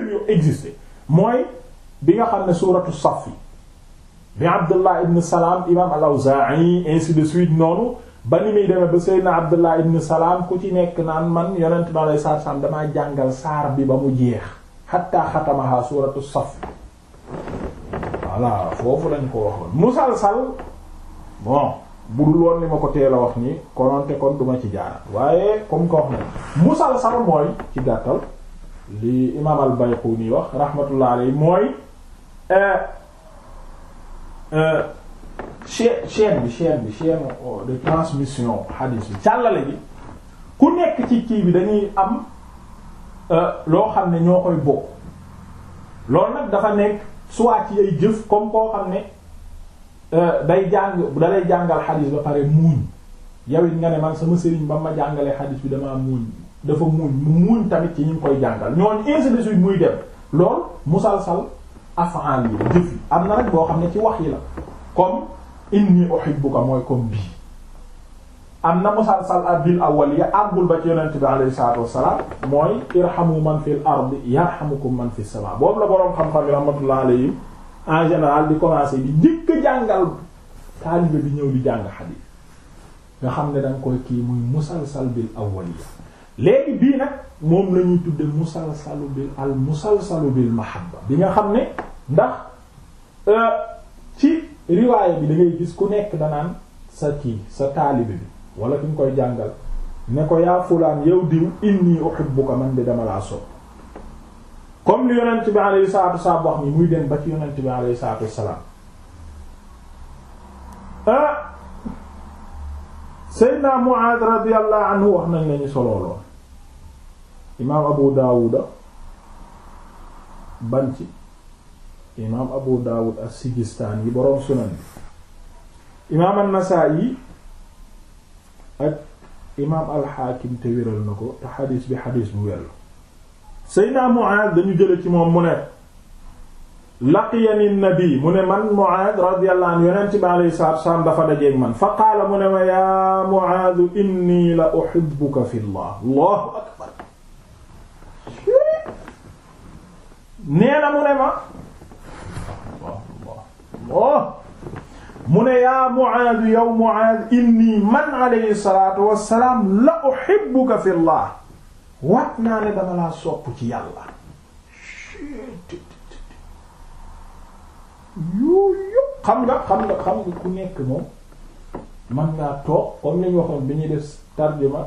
mbir yu mooy bi nga xam ne suuratu safi bi abdullah ibn salaam imam al-Awzaa'i ainsi de suite noonu ba ni muy demee ba seydna abdullah ibn salaam ku ci nekk naan man yonent bi alei salaam damaa jàngal saar bi ba mu jeex xatta xatamaha suuratu safi voilà foofu lañ ko waxoon musalsal bon budul woon li ma ko teel a wax nii kononte kon duma ci jaara waaye comme ko wax na musalsal mooy ci gàttal li imaam al-Bayquni wax rahmatullah alayhi mooy euh, euh, chaîne chaîne bi chaîne bi chaîne de transmission hadith bi càllale bi ku nekk ci kii bi dañuy am euh, loo xam ne ñoo koy bokk loolu nag dafa nekk soit ci jëf comme koo xam ne day jàng dalay jàngal hadith ba pare muuñ yow nga ne man sama sëriñ ba ma jàngalee hadith bi damaa muuñ dafa muñ mu muñ tamit ci ñu ngi koy jàngal ñooñu ainsi muy dem lool musalsal afaan yi jëf yi am na rek boo xam ne ci wax yi la comme inni uhibbuka mooy comme bii am na musalsal abil awal ya àggul ba ci yonent bi alayhi salaatu wassalaam mooy irhamu man fi fil ardi ko man fi samaa boobu la boroom xam-xam yi rahmatullah alayhim en général di commencé di njëkk jàngal taalibe bi ñëw di jàng xadiis nga xam ne danga koy kii muy musalsal bi awwal léegi bii nag moom lañuy ñuy tudde musalsalu bil al musalsalu bil mahabba bi nga xam ne ndax euh, ci riwaaya bi da ngay gis ku nekk danaan sa kii sa taalibe bi wala ki nga koy jàngal ne ko yaa fulaan yow diw inni uhibbuka man de dama laa sopp comme li yonent bi alayhi salaatu wasalaam wax ni muy dem ba ci yonent bi alayhi salaatu wasalaam ah euh, Seydina Muaad radiyallahu wax nañ lañu solooloon imaam abu daawuda ban ci imaam abu daawud as-sijistaan yi boroom sunan bi imaam an-nasaa'i ak imaam al-xaakim te wéral na ko te xadiis bi xadiis bu wér la seydna muaaz dañu jële ci moom mu ne laqiyani nabi mu ne man muaaz radiyallahu anhu yonent bi alayhi salaatu wassalaam dafa dajeek man fa qaala mu ne ma yaa muaaz inni la uhibbuka fi llah allahu akbar nee na mu ne ma Allah oh, mu ne yaa Muaaz yow Muaaz inni man alayhi salaatu wassalaam la uhibbuka fi llah wat naa ne dama laa sopp ci yàlla yooyu xam nga xam nga xam nga ku nekk moom man ngaa toog comme ni ñu waxoon bi ñuy def tarjuma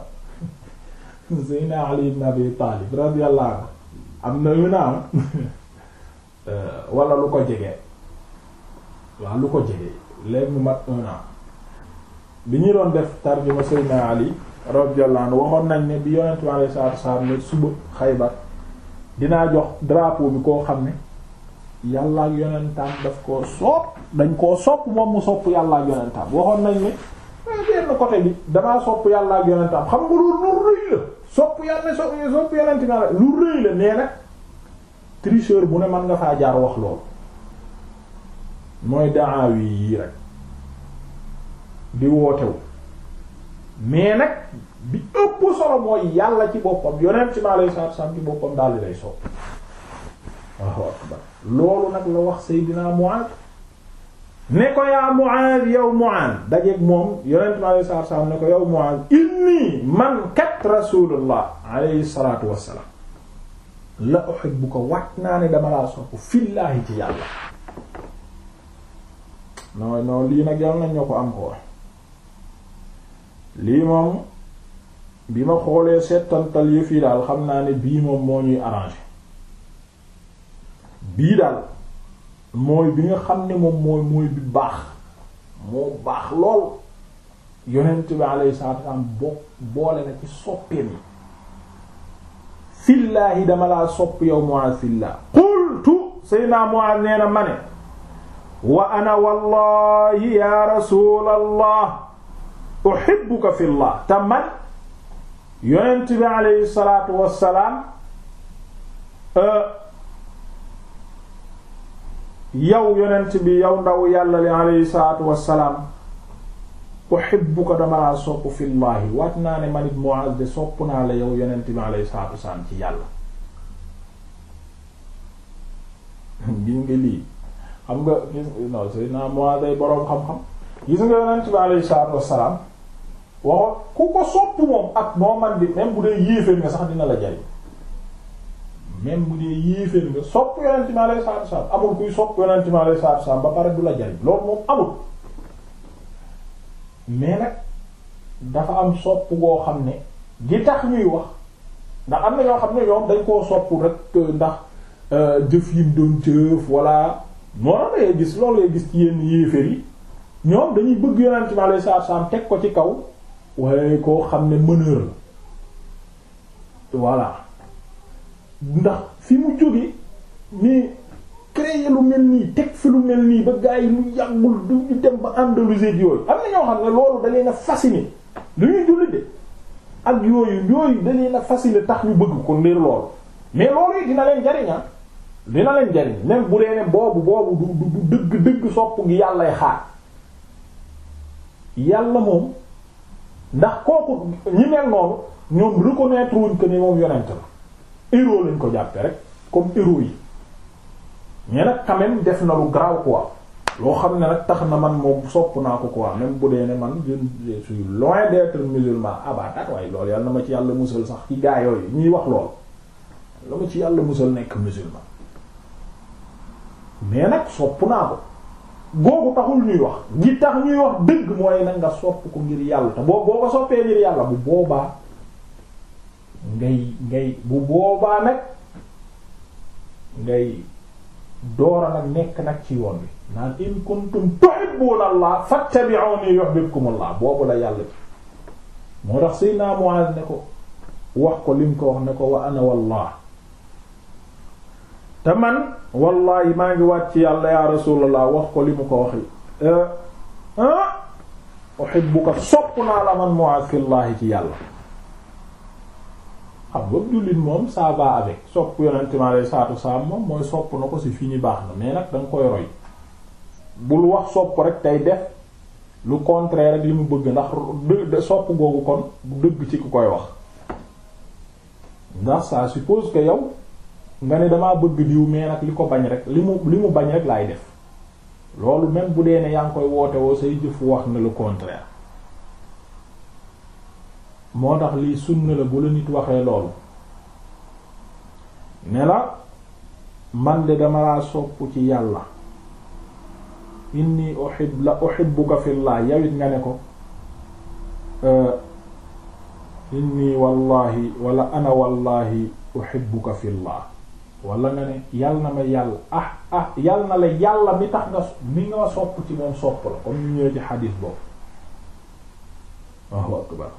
Seydina Ali ibn Abi Talib radiyallahu anhu am na yu naan wala lu ko jege waaw lu ko jege léegi mu mat un an bi ñu doon def tarjuma Seydina Ali radiyallahu anhu waxoon nañ ne bi yonent bi alayhi salaatu wasallam ne suba Xaybar dinaa jox drapeau bi koo xam ne yàlla ak yonentam daf koo sopp dañ koo sopp moom mu sopp yàlla ak yonentam waxoon nañ ne benn côté bi damaa sopp yàlla ak yonentam xam nga loolu la sopp yàlla sopp yonent bi ale lu rëy la nee nag tricheur bu ne man nga faa jaar wax loolu mooy daawi yii rek di wootewu mais nag bi ëpp solo mooy yàlla ci boppam yonent bi alei salatu salaam ci boppam daal di lay sopp loolu nag la wax Seydina Mu'adh ne ko yaa Muaaz yow Muaaz dajeeg moom yonent bi alayhi salaatu wassalaam ne ko yow Muaaz inni man kat rasulullah alayhi salaatu wassalaam la uhibbuka wat naa ne dama laa sopp fillaahi ci yàlla non non lii nag yàlla nañ ñoo ko am ko lii moom bi ma xoolee seetantal yëf yi daal xam naa ne bii moom moo ñuy arrangé bii daal mooy bi nga xam ne moom mooy mooy bi baax moo baax lool yonent bi alayhi salaatu wasallam boo boole na ci soppeem yi fillaahi dama laa sopp yow Mu'aaz fillah qultu sayna Mu'aaz nee na ma ne wa ana wallahi ya rasulallah uhibbuka fillah te man yonent bi alayhi salaatu wassalaam euh, yow yonent bi yow ndaw yàlla li alayhi salaatu wassalaam uhibbuka dama laa sopp fillaahi waat naa ne manit Muaz de sopp naa la yow yonent bi alayhi salaatu wassalaam ci yàlla gis nga lii xam nga gis non nga yonent bi alayhi salaatu wassalaam waxoon ku ko sopp moom ak moo man di même bu dee yéeféer nga sax dina la jariñ même bu dee yéeféer nga sopp yonent mi alayhi salaatu salaam amul kuy sopp yonent mi alayhi ba pare du la jariñ loolu moom amul mais nag dafa am sopp goo xam ne di tax ñuy wax ndax am na ñoo xam ne ñoom dañ koo sopp rek ndax euh, jëf yi mu doon jëf walla moo tax lay gis loolu lay gis ci yenn yéeféer yi ñoom dañuy bëgg yonent mi alayhi teg ko ci kaw waaye koo xam ne mëneur la voilà ndax fi mu jóge mais créer lu mel nii teg fi lu mel nii ba gars yi lu yàggul du dem ba Andalousie yooyu am na ñoo xam ne loolu da leen a fasciné lu ñuy julli de ak yooyu yooyu da leen a fasciné tax ñu bëgg ko ndir loolu mais loolu yi dina leen jariña ah. dina leen jariñ même bu dee boobu boobu du du dëgg dëgg sopp gi yàllay xaar yàlla moom ndax kooku ñi mel noonu ñoom reconnaître wuñ que ne moom yonent la héros lañ ko jàppe rek comme héros yi mais nag quand def na lu ko quoi loo xam ne nag tax na man moo sopp naa ko ko quoi même bu dee ne man je suis loin d'être musulman abadat ah waaye loolu yàlla na ma ci yàlla musal sax ci gaa yooyu ñuy wax lool la ma ci yàlla musal nekk musulman mais nag sopp naa ko googu taxul ñuy wax gi tax ñuy wax dëgg mooy nag nga sopp ko ngir yàlla te boo boo ko soppee ngir yàlla bu boobaa ngay ngay bu boobaa nag ngay doora nag nekk nag ci yoon bi naan in kuntum tuhibbuna allah fattabi'uni yuhibbukumullah boobu la yàlla moo tax Seydina Muaz ne ko wax ko lim ko wax ne ko wa ana wallah te man wallahi maa ngi ci yàlla ya rasulullah wax ko li mu ko waxi eh, ah, uhibbuka sopp naa la man Muaz fillahi ci yàlla xam nga jullit moom saaba va avec sopp yonent mi alayhi salaatu wasalaam moom mooy sopp na ko ci fi ñu baax na mais nag danga nga koy roy bul wax sopp rek tey def lu contraire rek li mu bëgg ndax sopp googu kon bu dëgg ci ku koy wax ndax ça suppose que yow nga ne damaa bëgg diw mais nag li ko bañ rek li mu li mu bañ rek laay def loolu même bu dee ne yaa ngi koy woote woo say jëf wax na lu contraire moo tax lii sunna la bu la nit waxee loolu ne la man de dama laa sopp ci yàlla inni uhib la uhibbuka fillah yawit nga ne ko euh, inni wallahi wala ana wallahi uhibbuka fillah wala nga ne yàlla na ma yàlla ah ah yàlla na la yàlla mi tax nga mi nga sopp ci moom sopp la comme ñu ñëwee ci xadiis boobu waaw akbar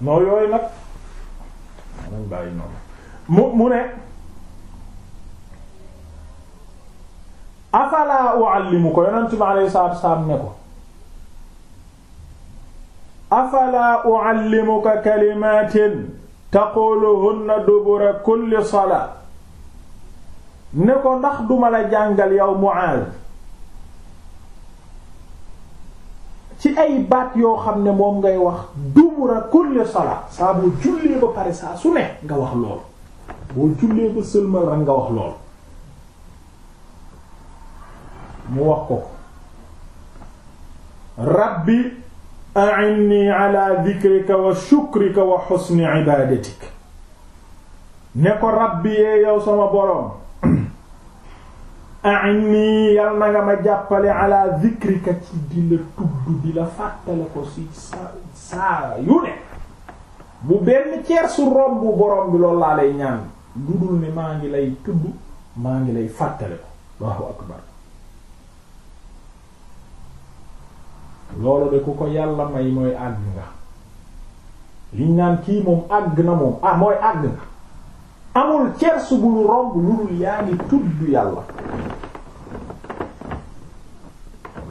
noo yooyu nag nañ bàyyi noonu mu mu ne u uallimu ko yonent bi alayhi salaatu salaam ne ko afala uallimuka kalimatin taquluhunna dubura kulli salaa ne ko ndax duma la jàngal yow Muaaz ci ay baat yoo xam ne moom ngay wax dubura kulli salaat saa boo jullee ba pare saa su ne nga wax lool boo jullee ba sëlmal rek nga wax lool mu wax ko rabbi a'inni ala dhikrika wa shukrika wa husni ibadatik ne ko rabbi yee yow sama boroom a'inni yal na nga ma jàppale ala dhikrika ci di la tudd di la fàttale ko si saa saa yu ne bu benn ceer su romb borom bi loolu laa lay ñaan dudul ne maa ngi lay tudd maa ngi lay fàttale ko Allahu akbar loolu de ku ko yàlla may mooy àgg nga liñ naan kii moom àgg na moom ah mooy àgg nga amul cers bu romb lu dul yaa ngi tudd yàlla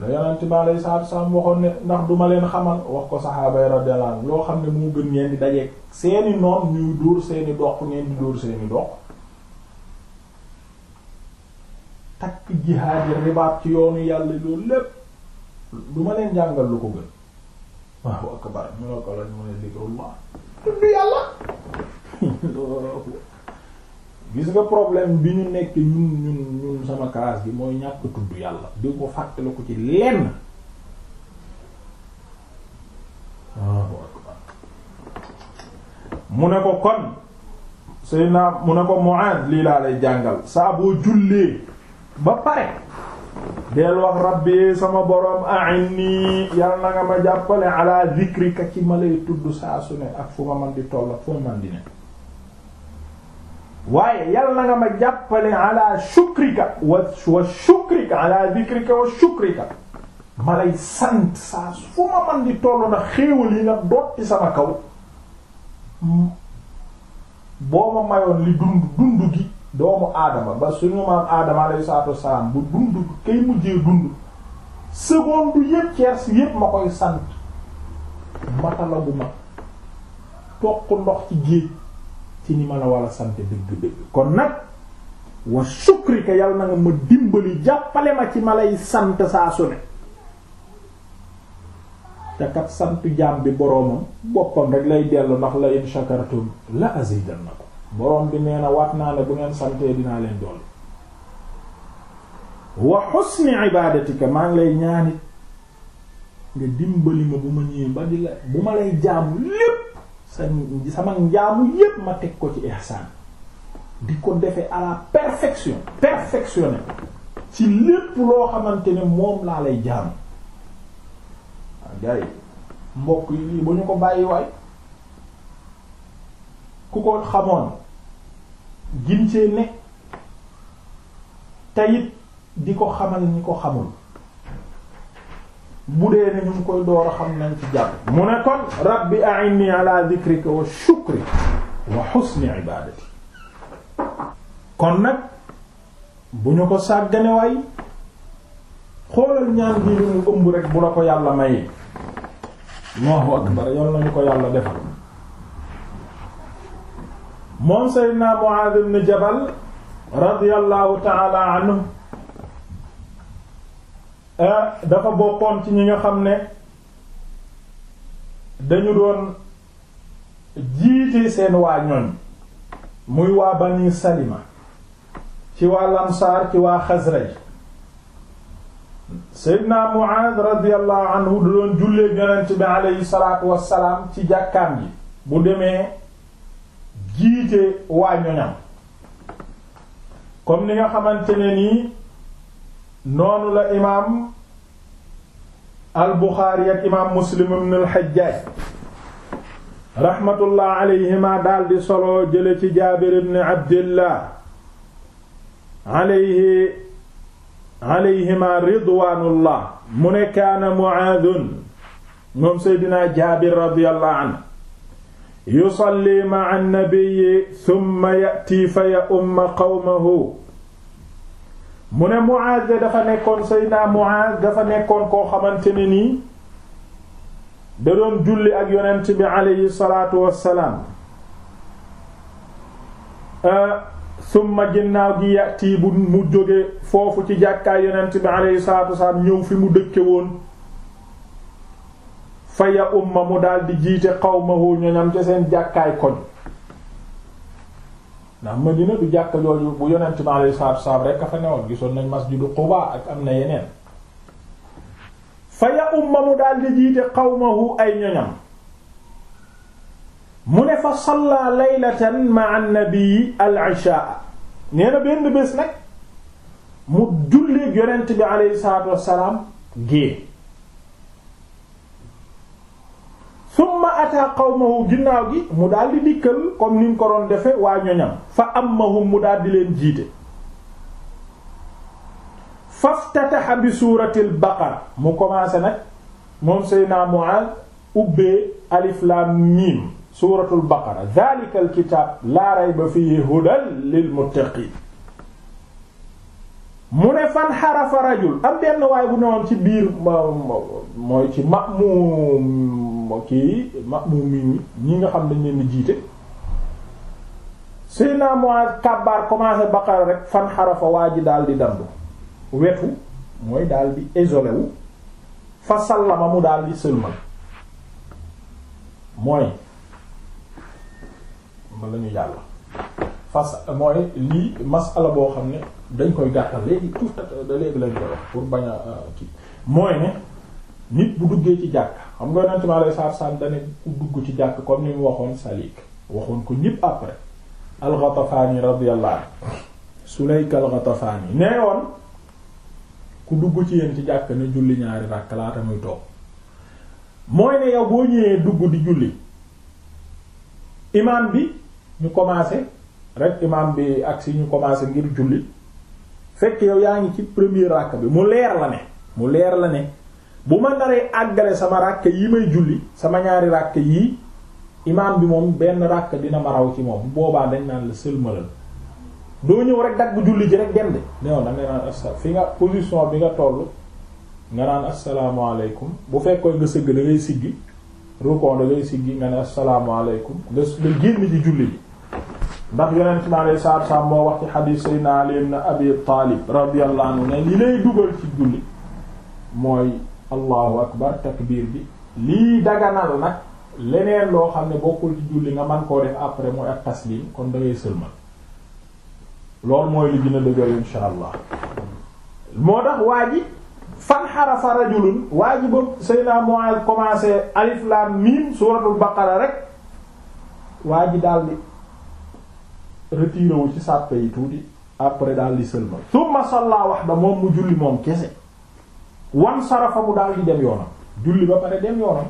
la yonent bi alayhi salaatu salaam waxoon ne ndax leen xamal wax ko saxaaba yi loo xam ne mu gën ngeen di seeni noon ñuy dóor seeni doq ngeen yi yàlla loolu lépp duma leen jàngal lu la tudd yàlla gis nga problème bi ñu nekk ñun ñun ñun sama classe bi mooy ñàkk tudd yàlla di ko fàttali ko ci lenn mu ne ko kon sëy naa mu ne ko Mu'aad lii laa lay jàngal saa boo jullee ba pare del wax rabbi sama borom a'inni yàlla na nga ma jàppale ala zikrika ci ma lay tudd saa su ne ak fu ma man di toll ak fu ma ne waaye yal na nga ma jàppale ala shukrika wa shukrika ala wa shukrika ma lay sant saa fu ma man di tollu na xéewal yi nga dotti sama kaw boo ma mayoon li dund dund gi doomu aadama ba suñu maam aadama alayhi salaatu wassalaam bu dund kay mujjee dund seconde yépp tiers yépp ma koy sant matala toq ndox ci géej ci ñi ma la war a sant dëgg-dëgg kon nag wa sukrika yal na nga ma dimbali jàppale ma ci ma lay sant saa su ne te kat santu jaam bi boroomam boppam rek lay dellu ndax la in shakartum la boroom bi nee na waat naa ne bu ngeen santee dinaa leen dool wa husni ibadatika maa ngi lay ñaanit nga dimbali ma bu ma ñëwee ba di la bu ma lay jaamu lépp sama njaamu yépp ma teg ko ci ihsaan di ko defe à la perfection perfectionné ci lépp loo xamante ne moom laa lay jaamu waaw ah, yi mbokk yi lii ba ñu ko bàyyi waay ku ko xamoon gin see tayit di ko xamal ñi ko xamul bu dee ne ñu koy door a xam nañ ci jàpp mu ne kon rabbi a'inni ala dhikrika wa shukrika wa husni ibadati kon nag bu ñu ko sàggane waay xoolal ñaan bi mu ëmb rek bu la ko yàlla mayee Allahu akbar yoon nañu ko yàlla defal moom Seydina Mu'adh ibn Jabal radiyallahu ta'ala anhu Ah, dafa bokkoon ci ñi nga xam ne dañu doon jiite seen waa ñoñ muy waa bani salima ci waa lamsaar ci waa xasraj seydna muaad radiallahu anhu da doon jullee yonent bi aleyhi salaatu wassalaam ci jàkkaam ji bu demee jiite waa ñoñam comme ni nga xamante ne nii noonu la imaam al buxaari ak imaam muslim ibn al xajjaaj raxmatullah alayhima daldi solo jële ci jaabir ibn abdillah alayhi alayhima ridwaanullah mu ne kaana muaadun moom seydinaa jaabir radiyallahu anhu yusalli ma'a an-nabiyyi thumma ya'ti fa ya'ummu qawmahu mu ne Muaaz de dafa nekkoon sey naa Muaaz dafa nekkoon koo xamante ne nii da doon julli ak yonent bi aleyhi salaatu wassalaam euh, summa ginnaaw gi yàtti bu mu jóge foofu ci jàkkaay yonent bi aleyhi salaatu wassalaam ñëw fi mu dëkke woon fa ya umma mu daldi jiite xawmahu ñoñam ca seen jàkkaay koñ ndax Madina du jàkka jooju bu yonent mi alayhi salaatu salaam rek a fa newoon gisoon nañ masjidu Quba ak am na yeneen fa ya umma mu daal di jiite qawmahu ay ñoñam mu ne fa salla laylatan ma'a an-nabi al-isha nee benn bés nag mu julleek yonent bi alayhi salaatu wassalaam gée summa ataa qawmahu ginnaaw gi mu daal di dikkal comme ni mu ko doon defe waa ñoñam fa ammahum mu daal di leen jiite faftataha bi suuratil baqara mu commencé nag moom Seydina Mu'aaz ubbee alif laam miim suuratul baqara daalikal kitaab laa rayba fiihi hudan lil muttaqiin mu ne fan xarafa rajul am benn waay bu newoon ci biir mooy ci ma'mum kii ma'mum ñi nga xam dañ leen di jiite suy naa Muaz kàbbaar commencé baqara rek fan xarafa waa ji daal di dandu wetu mooy daal di isolé fa sallama mu daal di sëlmal mooy ma la ñu yàlla fas mooy lii masala boo xam ne dañ koy gàttal léegi tuuf euh, da léegi lañ koy wax pour bañ a euh, kii mooy ne nit bu duggee ci jàkk xam nga yonent bi alayhi ci jàkk comme mu waxoon salik waxoon ko ñëpp après al-Ghatafani radiyallahu anhu Sulayk nee woon ku dugg ci yéen ci jàkk ne julli ñaari ràkk laata muy toog mooy ne yow boo ñëwee dugg di julli imaam bi ñu commencé rek imam bi ak si ñu commencé ngir julli fekk yow yaa ngi ci premier ràkk bi mu leer la ne mu leer la ne bu ma naree àggale sama ràkk yi may julli sama ñaari ràkk yi imam bi moom benn ràkk dina ma raw ci moom boobaa dañ naan la sëlmalal doo ñëw rek dagg bu julli ji rek dem de non da naan asa fi nga position bi nga toll nga naan bu fekkoon nga sëgg da ngay siggi rukoon da ngay siggi nga ne asalaamaaleykum nga nga génn ci julli ji ndax yonent mi alayhi salaatu salaam moo wax ci xadiis Seydina Ali ibn Abi Taalib radiyallahu anhu ne li lay dugal ci julli mooy allahu akbar takbiir bi lii daganal nag leneen loo xam ne bokkul ci julli nga man koo def après mooy ak taslim kon da sëlmal loolu mooy li gën a dëgër insha allah moo tax waa ji fan xarafa rajulun waa ji ba Seydina Mu'aaz commencé alif laam miim suuratul baqara rek waa ji daal di retiré wu ci sàppe yi tuuti après daal di sëlmal summa salla wahda moom mu julli moom kese wan sarafa mu daal di dem yoonam julli ba pare dem yoonam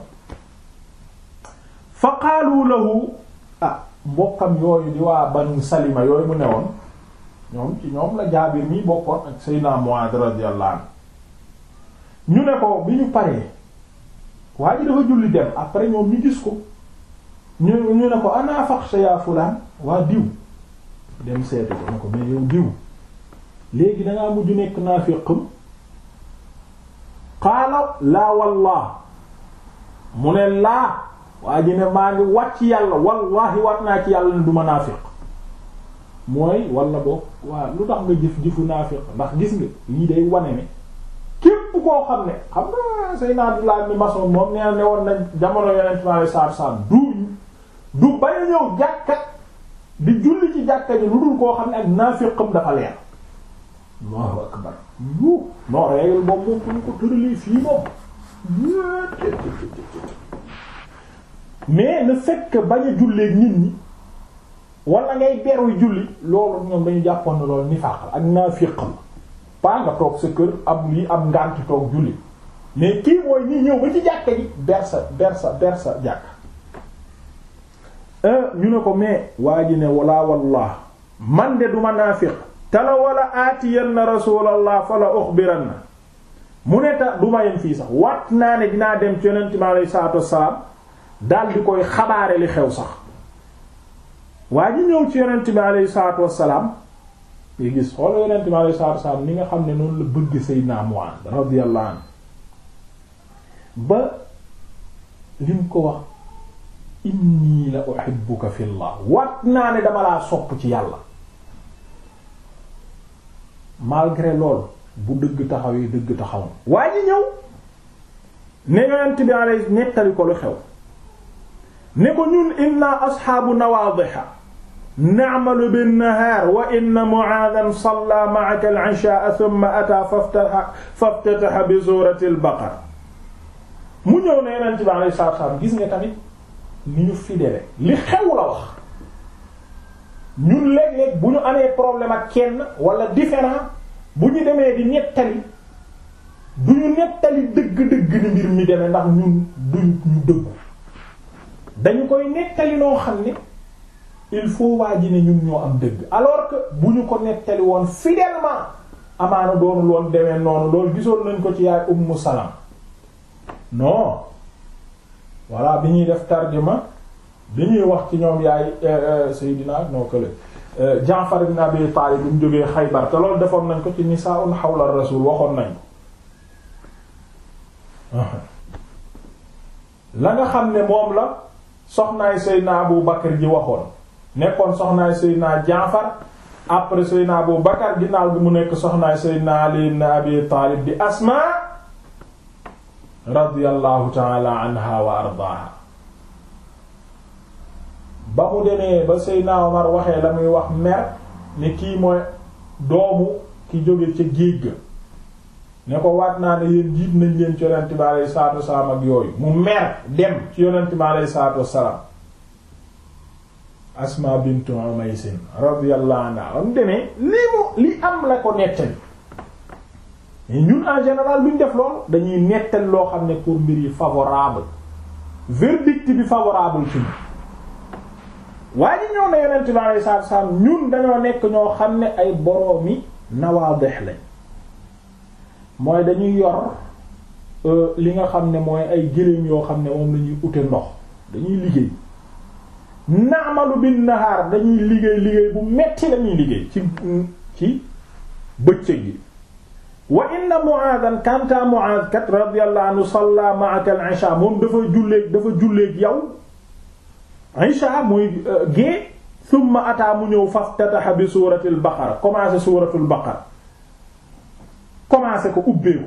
fa qaalu lahu ah mbokkam yooyu di waa banu salima yooyu mu newoon ñoom ci ñoom la jaabir mi bokkoon ak sayna Muad radiyallahu anhu ñu ne ko bi ñu paree waa ji dafa julli dem après ñoom ñu gis ko ñu ñu ne ko ana faxsha ya fulaan waa diw dem seetu ko ne ko mais yow diw léegi dangaa mujj nekk naafiqam qaala laa wallah mu ne laa waa ji ne maa ngi wàcc yàlla wallahi waat naa ci yàlla ne du ma naafiq mooy wala boog waa lu tax nga jëf jëfu naafiq ndax gis nga lii day wane ne képp koo xam ne xam nga say naa di laa ni maçon moom nee ne woon na jamono yeneen maa ngi saar saar du du bay ñëw jàkka di julli ci jàkka ji lu dul koo xam ne ak naafiqam dafa leer Allahu akbar yu non réegl boobu moom duñu ko tëralii fii moom mais le fait bañ a nit ñi wala ngay beru julli loolu ñoom dañu jàppoon ne loolu nifaaq ak naafiqam paa nga toog sa kër am lii am ngànt toog julli mais kii mooy nii ñëw ba ci jàkka ji bersa bersa bersa jàkka Euh, ñu ne ko mais waa ji ne wala wallah man de duma naafiq tala wala aatiyanna rasulallah fala uxbiranna mu ne ta duma yem fii sax wat naa ne dinaa dem ci yonent mi alayhi salaatu wassalaam daal di koy xabaare xew sax waa ji ñëw ci yonent bi alayhi salaatu wassalaam yi gis xoola yonent bi alayhi salaatu wassalaam ni nga xam ne noonu la bëgg Seydina Mu'aaz radiyallahu anhu ba lim ko wax inni la uhibbuka fillah wat naa ne dama laa sopp ci yàlla malgré lool bu dëgg taxawee dëgg taxawoon waa ji ñëw ne yonent bi alayhi nettali ko lu xew ne ko ñun inna asxaabu nawaadiha na'malu bin nahaar wa inna mu'aadan salla ma'aka al-'ishaa thumma ataa faftataha bi suurati al-baqara mu ñëw ne yonent bi alayhi salaam gis nga tamit ni ñu fidèle li xew la wax ñun léeg-léeg bu ñu amee problème ak kenn wala différent bu ñu demee di nettali du ñu nettali dëgg-dëgg ni mbir mi demee ndax ñun duñ ñu dëggu dañu koy nettali noo xam ne il faut waa ji ñun ñoo am dëgg alors que bu ñu ko nettali woon fidèlement amaana doonu loon demee noonu loolu gisoon nañ ko ci yaay Ummu Salam non voilà bi ñuy def tarjuma bi ñuy wax ci ñoom yaay euh, euh, Seydina noo kële euh, Jaafar ibn Abi Taalib bi mu jógee Xaybar te loolu defoon nañ ko ci nisaa'un hawla rasul waxoon nañ ko la nga xam ne moom la soxnaay Seydina Abu Bakar ji waxoon nekkoon soxnaay Seydina Jaafar après Seydina Abu Bakar ginnaaw bi mu nekk soxnaay Seydina Ali ibn Abi di Asmaa radiyallahu taala anha wa ardaaha ba mu demee ba Seydina Omar waxee la muy wax mer ne kii mooy doomu ki jóge ca géej ne ko waat naa ne yéen jiit nañ leen ci yonent bi aleyhi salaatu wasalaam ak yooyu mu mer dem ci yonent bi aleyhi salaatu wasalaam Asma bintu Umays radiyallahu anha am demee li mu li am la ko nettali ñun en général luñ def lool dañuy nettal loo xam ne pour mbir yi favorable verdict bi favorable ci ñu waaye ñi ñëw na yonent bi alayhi salaatu salaam ñun dañoo nekk ñoo xam ne ay boroomi nawaadex lañ mooy dañuy yor euh, li nga xam ne mooy ay gëléem yoo xam ne moom la ute ndox dañuy liggéey naamalu bin nahaar dañuy liggéey liggéey bu metti lañuy liggéey ci ci bëccëg gi wa inna Mu'aadan kanta Mu'aad kat radiyallahu anhu salla ma'aka al-isha moom dafa julleeg dafa julleeg yow isha muy euh, gée thumma ataa mu ñëw faftataha bi suuratil baqara commencé suuratul baqara commencé ko ubbeeku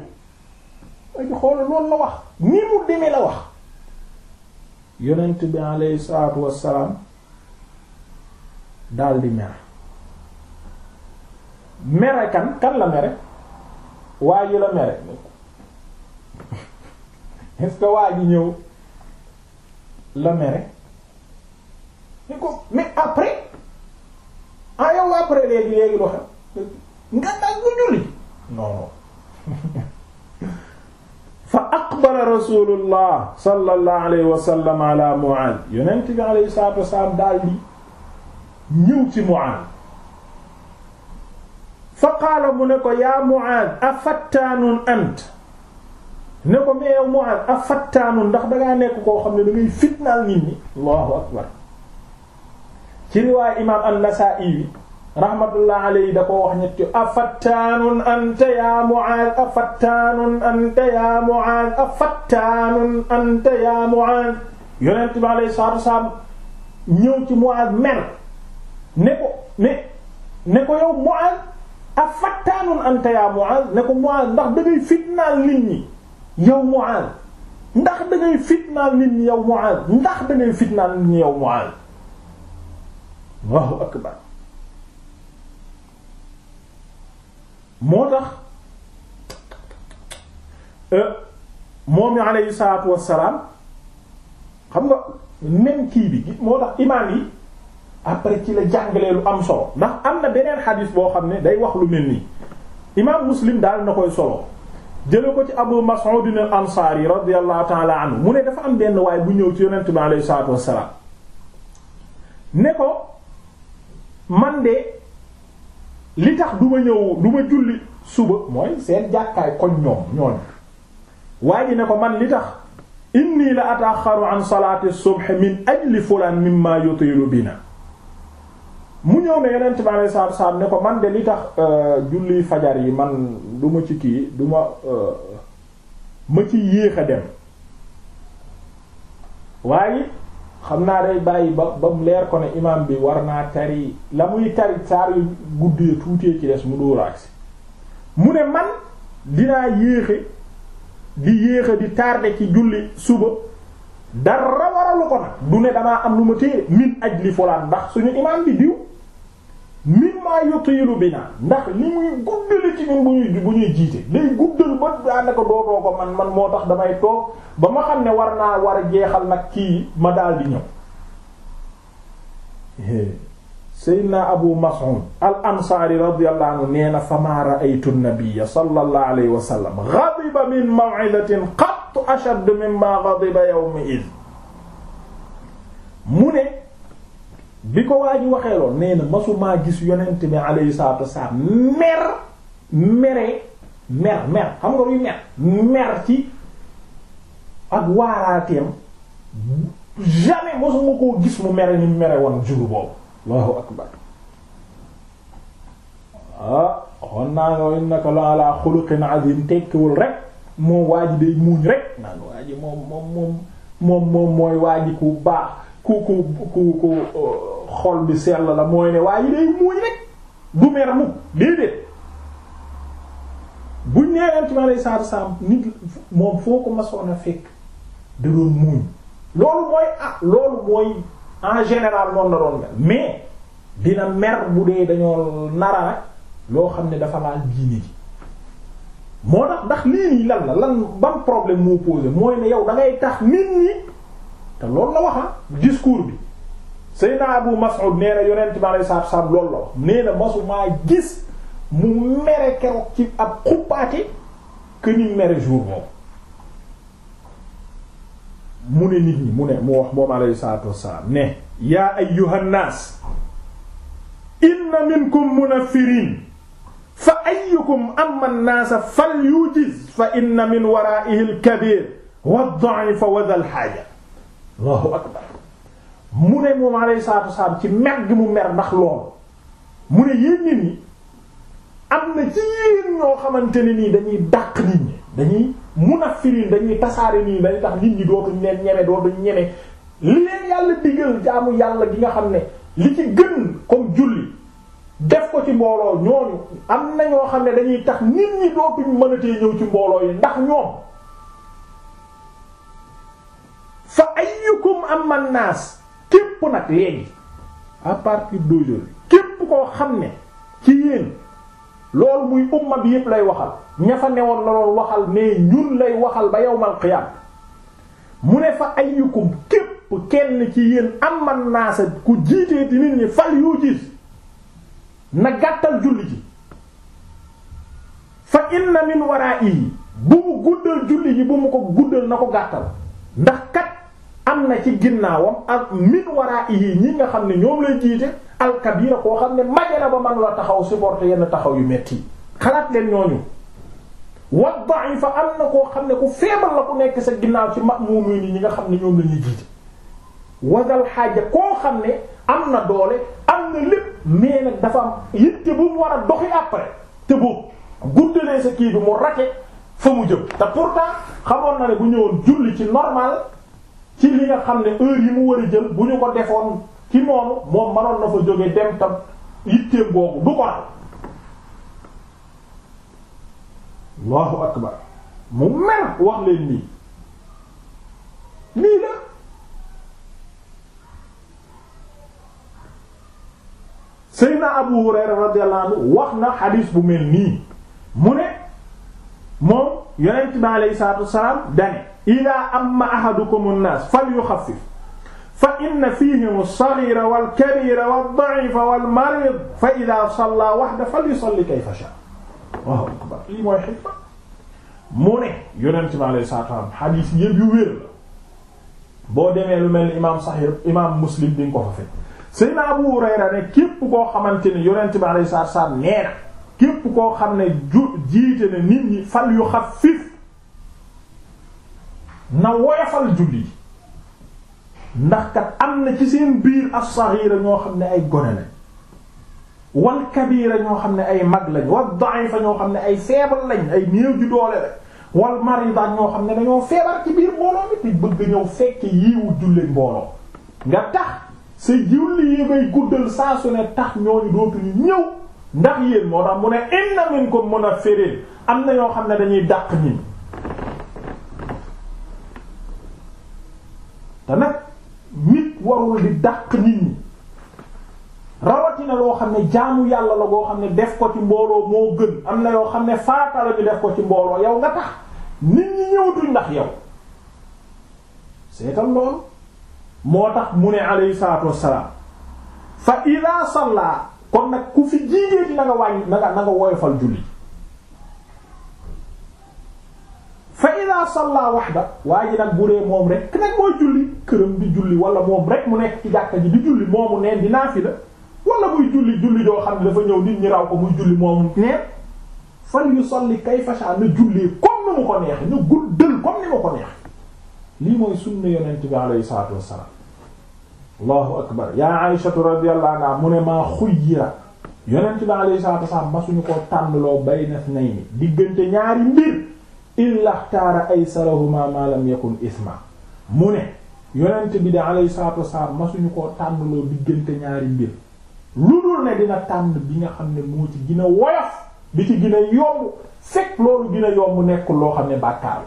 aji xoola loolu la wax ni mu demee la wax yonent bi alayhi salaatu wassalaam daal di mer mere kan kan la mere waa ji la mere est-ce que waa la mere ni ko mais après ah yow après léegi léegi loo xam nga nag bu julli non non fa aqbala rasulullah sallallahu alayhi wa sallam ala Mu'adh yonent bi alayhi salaatu wa salaam daal di ñëw ci Mu'adh fa qaala mu ne ko yaa Muaaz afattaanun ant ne ko mais yow Muaaz afattaanun ndax dangaa nekk koo xam ne da ngay fitnaal nit ñi allahu akbar ci riwaay imaam an-Nasaa'i bi rahmatullah alayhi da ko wax ñetti afattaanun anta yaa Muaaz afattaanun anta yaa Muaaz afattaanun anta yaa Muaaz yonent bi alayhi salaatu wasalaam ñëw ci Muaaz mer ne ko ne ne ko yow Muaaz ak fattaanun anta yaa Mu'aaz ne ko Mu'aaz ndax da ngay fitnaal nit ñi yow ndax da ngay fitnaal nit ñi yow ndax da ngay fitnaal nit ñi yow Mu'aaz akbar moo tax euh, moom yi alayhi salaatu wassalaam xam nga même kii bi moo tax imaam yi après ci la jàngalee lu am solo ndax am na beneen xadis boo xam ne day wax lu mel nii imaam muslim daal na koy solo jële ko ci abu mas'ud al ansari radiyallahu ta'ala anhu mu ne dafa am benn waaye bu ñëw ci yonent bi alayhi salaatu wassalaam ne ko man de li tax du ma ñëw du ma julli suba mooy seen jàkkaay koñ ñoom ñooñ waaye ji ne ko man li tax inni la ata'akhkharu an salati subh min ajli fulan mimma yutilu bina mu ñëw ne yeneen bi alei salatu salaam ne ko man de li tax euh, julli fajar yi man du ci kii du ma euh, ma ci yéex a dem waaye xam naa day bàyyi ba ba mu leer ko ne imaam bi war naa tari la muy tari saar yu guddee tuutee ci des mu dóor agsi mu ne man dinaa yéexe di yéexe di tardé ci julli suba dara waralu ko nag du ne damaa am lu ma téye min ajli fulaan ndax suñu imaam bi diw mimma yutilu bina ndax li muy guddale ci ñun bu ñuy bu ñuy jiite day guddal ba daanaka dootoo ko man man moo tax damay toog ba ma xam ne war naa war a jeexal nag kii ma daal di ñëw eh, seydna abu mas'ud al ansaari radiyallahu anhu nee na fa maa ra'aytu an-nabiyya sallallahu alayhi wa sallam ghadiba min maw'izatin qat ashad mimma ghadiba yawma idh mu ne bi ko waa ji waxee lool nee masumaa gis yonent bi alayhi salaatu wasalaam mer meree mer mer xam nga luy mer mer ci ak waaraateem jamais masuma koo gis mu mere ni mere woon juru boobu allahu akbar ah xon naa nga innaka la ala xuluqin azim tekkiwul rek moom waa day muuñ rek naan waa ji moom moom moom moom moom mooy waa ji ku baax ku ku ku ku uh, xol bi sell la mooy ne waaye day muuñ rek du mer mukk déedéet buñ nee leen ci saatu saam nit moom foo ko masoon a fekk da doon muuñ loolu mooy ah loolu mooy en général noonu la doon mel mais dina mer bu dee dañoo nara loo xam ne dafa laal diine ji moo tax ndax lii nii lan la lan ban problème moo posé mooy ne yow da tax nit ñi te loolu la wax ah discours bi Seydina Abu Mas'ud nee na yonent bi alayhi salaatu wa salaam loolu la wax nee na masumaa gis mu mere keroog ci ab xuppaate que ni mere jour moom mu ne nit ñi mu ne mu wax moom alayhi salaatu wa salaam ne yaa ayyuhan naas inna minkum munafirin fa ayyukum amma an-naasa falyujiz fa inna min waraa'ihil kabiir wad-da'ifa wa dhal haaja Allahu mu ne moom alayhi salaatu wasalaam ci mer gi mu mer ndax loolu mu ne yéen nit am na ci yéen ñoo xamante ne nii dañuy dàq nit ñi dañuy munafirin dañuy tasaare nii dañuy tax nit ñi dootuñ ñe ñeme dootuñ ñeme li leen yàlla digal jaamu yàlla gi nga xam ne li ci gën comme julli def ko ci mbooloo ñooñu am na ñoo xam ne dañuy tax nit ñi dootuñ mënatee ñëw ci mbooloo yi ndax ñoom. fa ayyukum amman naas képp nag léegi à partir d'aujourd'hui képp koo xam ne ci yéen lool buy umma yépp lay waxal ña fa newoon la waxal mais ñun lay waxal ba yawmal qiyaam mu ne fa ayyukum képp kenn ci yéen amman naasa ku jiitee di nit ñi fal yu gis na gàttal julli ji fa inna min waraa'i bu guddal julli ji bu mu ko guddal na ko gàttal ndax kat am na ci ginnaawam ak min waraa'ihi ñi nga xam ne ñoom lay jiite alkabira koo xam ne maje na ba man la taxaw supporter yenn taxaw yu metti xalaat leen ñooñu wa da'ifa am na koo xam ne ku feebal la ku nekk sa ginnaaw ci ma'muumiin yi ñi nga xam ne ñoom la ñuy jiite wadal xaaja koo xam ne am na doole am na lépp mais nag dafa am yitte bu mu war a doxi après te boobu guddalee sa kii bi mu rate fa mu jëm te pourtant xamoon na ne bu ñëwoon julli ci ci li nga xam ne heure yi mu war a jël bu ñu ko defoon ci noonu moom mënoon na fa jóge dem tam yitteem boobu du ko raw allahu akbar mu mer wax leen nii lii la Seydina Abu Hurayra radiyallahu wax na xadiis bu mel nii mu ne moom yonent bi alayhi salaatu salaam dane ida amma ahadukum an-nas falyukhaffif fa inna fihim as-saghira wal-kabira wad-da'ifa wal-marid fa ida salla wahda falyusalli kayfa sha'a Allahu akbar lii mooy xikma mu ne yonent bi alayhi salaatu wa salaam xadiis yëpp yu wér la boo demee lu mel ni imaam Sahih imaam Muslim di nga ko fa fekk Seydina Abu Hurayra ne képp koo xamante ne yonent bi alayhi salaatu wa salaam nee na képp koo xam ne ju jiite ne nit ñi fal yu xaffif na woyofal julli ndax kat am na ci seen biir as-saghira ñoo xam ne ay gone lañ wal kabira ñoo xam ne ay mag lañ wal da'ifa ñoo xam ne ay seebal lañ ay néew ju doole lañ wal marida ñoo xam ne dañoo feebar ci biir mbooloo bëgg ñëw fekk yiiwu julli mbooloo nga tax sa julli yi ngay guddal saa su ne tax ñooñu dootuñu ñëw ndax yéen moo tax mu ne inna minkum munafirin am na ñoo xam ne dañuy dàq ñi te nag nit warul di dàq nit ñi rawatina loo xam ne jaanu yàlla la boo xam ne def ko ci mbooloo moo gën am na yoo xam ne faata la ñu def ko ci mbooloo yow nga tax nit ñi ñëwatuñ ndax yow seetal loolu moo tax mu ne alayhi salaatu wassalaam fa ila salla kon nag ku fi jiitee di na nga wàññ na woyofal julli fa ida salla waxda waa ji nag bu dee moom rek nag mooy julli këram di julli wala moom rek mu nekk ci jàkka ji di julli moomu neen di naafila wala muy julli julli joo xam ne dafa ñëw nit ñi raw ko muy julli moomu neen fal yusalli kayfa sha na jullee comme ni mu ko neex ñu guddal comme ni mu ko neex lii mooy sunna yonent bi alayhi salaatu wassalaam allahu akbar yaa aïshatu radiyallahu anha mu ne maa xuyyira yonent bi alayhi salaatu wassalaam masuñu ko tànnloo bayna nayni diggante ñaari mbir illa xtaara aysarahuma ma lam isma mu ne yonent bi de alayhi salaatu wasalaam masuñu koo tànnloo diggante ñaari mbir lu dul ne dina tànn bi nga xam ne moo ci gën a woyof bi ci gën yomb fekk loolu gën yomb nekkul loo xam ne bàkkaar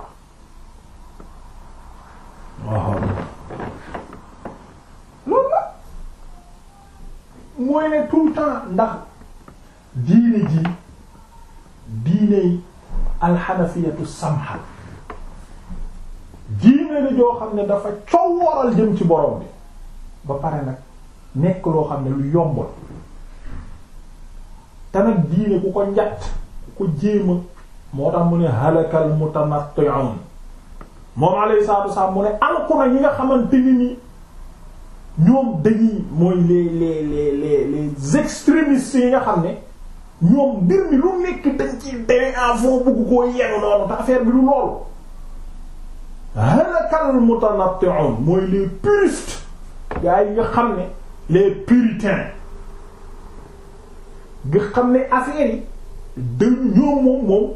la mooy ne tout ndax diine ji diine alxanafiyatu samha diine la joo xam ne dafa coworal jëm ci borom bi ba pare nag nekk loo xam ne lu yombal te nag diine ku ko njatt ku ko jéema moo tax mu ne halakal mutamatti'un moom alayhi salaatu wasallam mu ne alku na ñi nga xamante ni ni ñoom dañuy mooy les les les les les extrémistes yi nga xam ne ñoom mbir mi lu nekk dañ ci demee en fond bugg koo yenu noonu te affaire bi lu loolu halakal mutanatti'un mooy les puristes gaa yi nga xam ne les puritains nga xam ne affaire yi dañu ñoom moom moom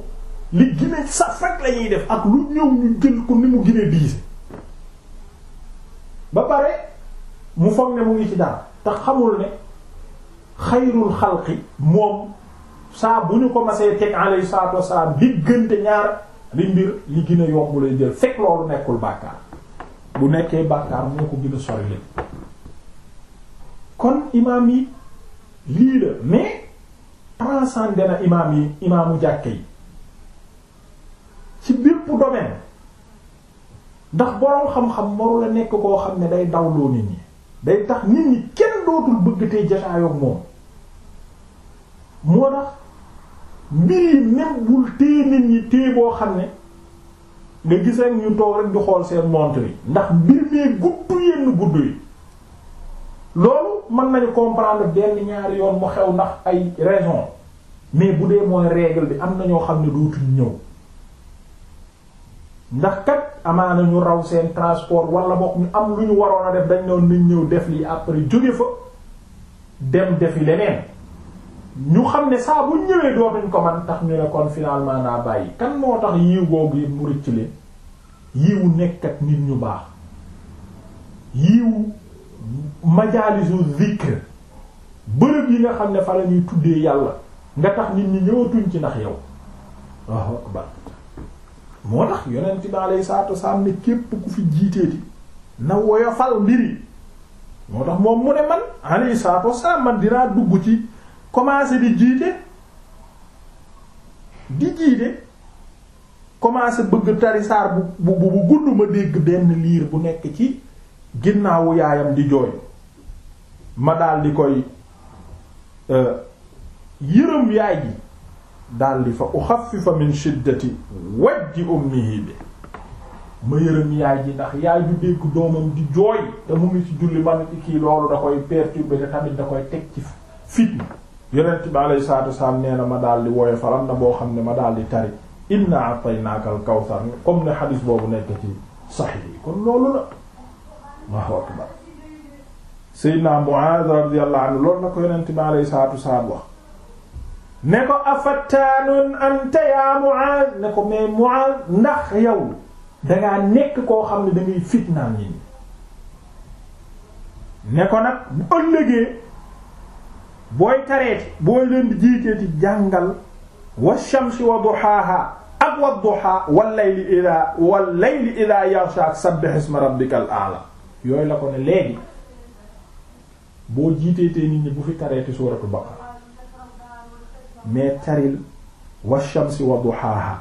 li gine sax rek la def ak lu ñëw ñu jël ko ni mu gine diise ba pare mu foog ne mu ngi ci dara te xamul ne xayrul xalqi moom saa bu ñu commencé teg alayhi salaatu wassalaam diggante ñaar li mbir li gën a yomb lay jël fekk loolu nekkul bàkkaar bu nekkee bàkkaar moo ko gën a kon imaam yi lii la mais transcendé na imaam yi imaamu jàkke yi ci bépp domaine ndax boroom xam-xam moru la nekk koo xam ne day dawloo nit ñi day tax nit ñi kenn dootul bëgg tey jataayoog moom moo tax mbiri nebbul téye nit ñi téye boo xam ne nga gis rek ñu toog rek di xool seen montre yi ndax mbir mee gudd yenn gudd yi loolu mën nañu comprendre benn ñaari yoon mu xew ndax ay raison mais bu dee mooy règle bi am na ñoo xam ne dootuñ ñëw ndax kat amaana ñu raw seen transport wala bokk ñu am lu ñu waroon a def dañ doon nañ ñëw def lii après jóge fa dem defi leneen ñu xam ne saa bu ñëwee dootuñ ko man tax ñu ne kon finalement naa bàyyi kan moo tax yiw googu yëpp mu rëcc leen yiwu nekk ak nit ñu baax yiwu majaalisu zikr bërëb yi nga xam ne fa lañuy ñuy tuddee yàlla nga tax nit ñi ñëwatuñ ci ndax yow waaw akbar moo tax yonent bi alayhi salaatu wasalaam ne képp ku fi jiiteeti na woyofal mbiri moo tax moom mu ne man alayhi salaatu wasalaam man dinaa dugg ci commencé di jiite di jiite commencé bëgg tari saar bu bu bu gudd ma dégg benn liir bu nekk ci ginnaawu yaayam di jooy ma dal di koy euh, yërëm yaay ji dal di fa uxaffifa min shiddati wajji ummihi bi ma yërëm yaay ji ndax yaay ju dégg doomam di jooy te mu ngi ci julli man kii loolu da koy perturber te tamit da koy teg ci fitna yonent bi alayhi salaatu wasalaam nee na ma daal di woyofal am na boo xam ne ma daal di tari inna a'taynaaka al-kawsar comme ne xadis boobu nekk ci saxiix yi kon loolu la Allahu akbar Seydina Muaaz radiyallahu anhu loolu na ko yonent bi alayhi salaatu wax ne ko afattaanun anta yaa Muaaz ne ko mais Muaaz ndax yow dangaa nekk koo xam ne dangay fitnaan ñi ne ko nag bu ëllëgee booy tareeti booy leen di jiiteeti jàngal wa shamsi wa duhaaha ak wa duhaa wal layli idaa wal layli idaa yaghsha sabbih isma rabbikal a'la yooyu la ko ne léegi boo jiiteetee nit ñi bu fi tareeti suuratu baqara mais taril wa shamsi wa duhaaha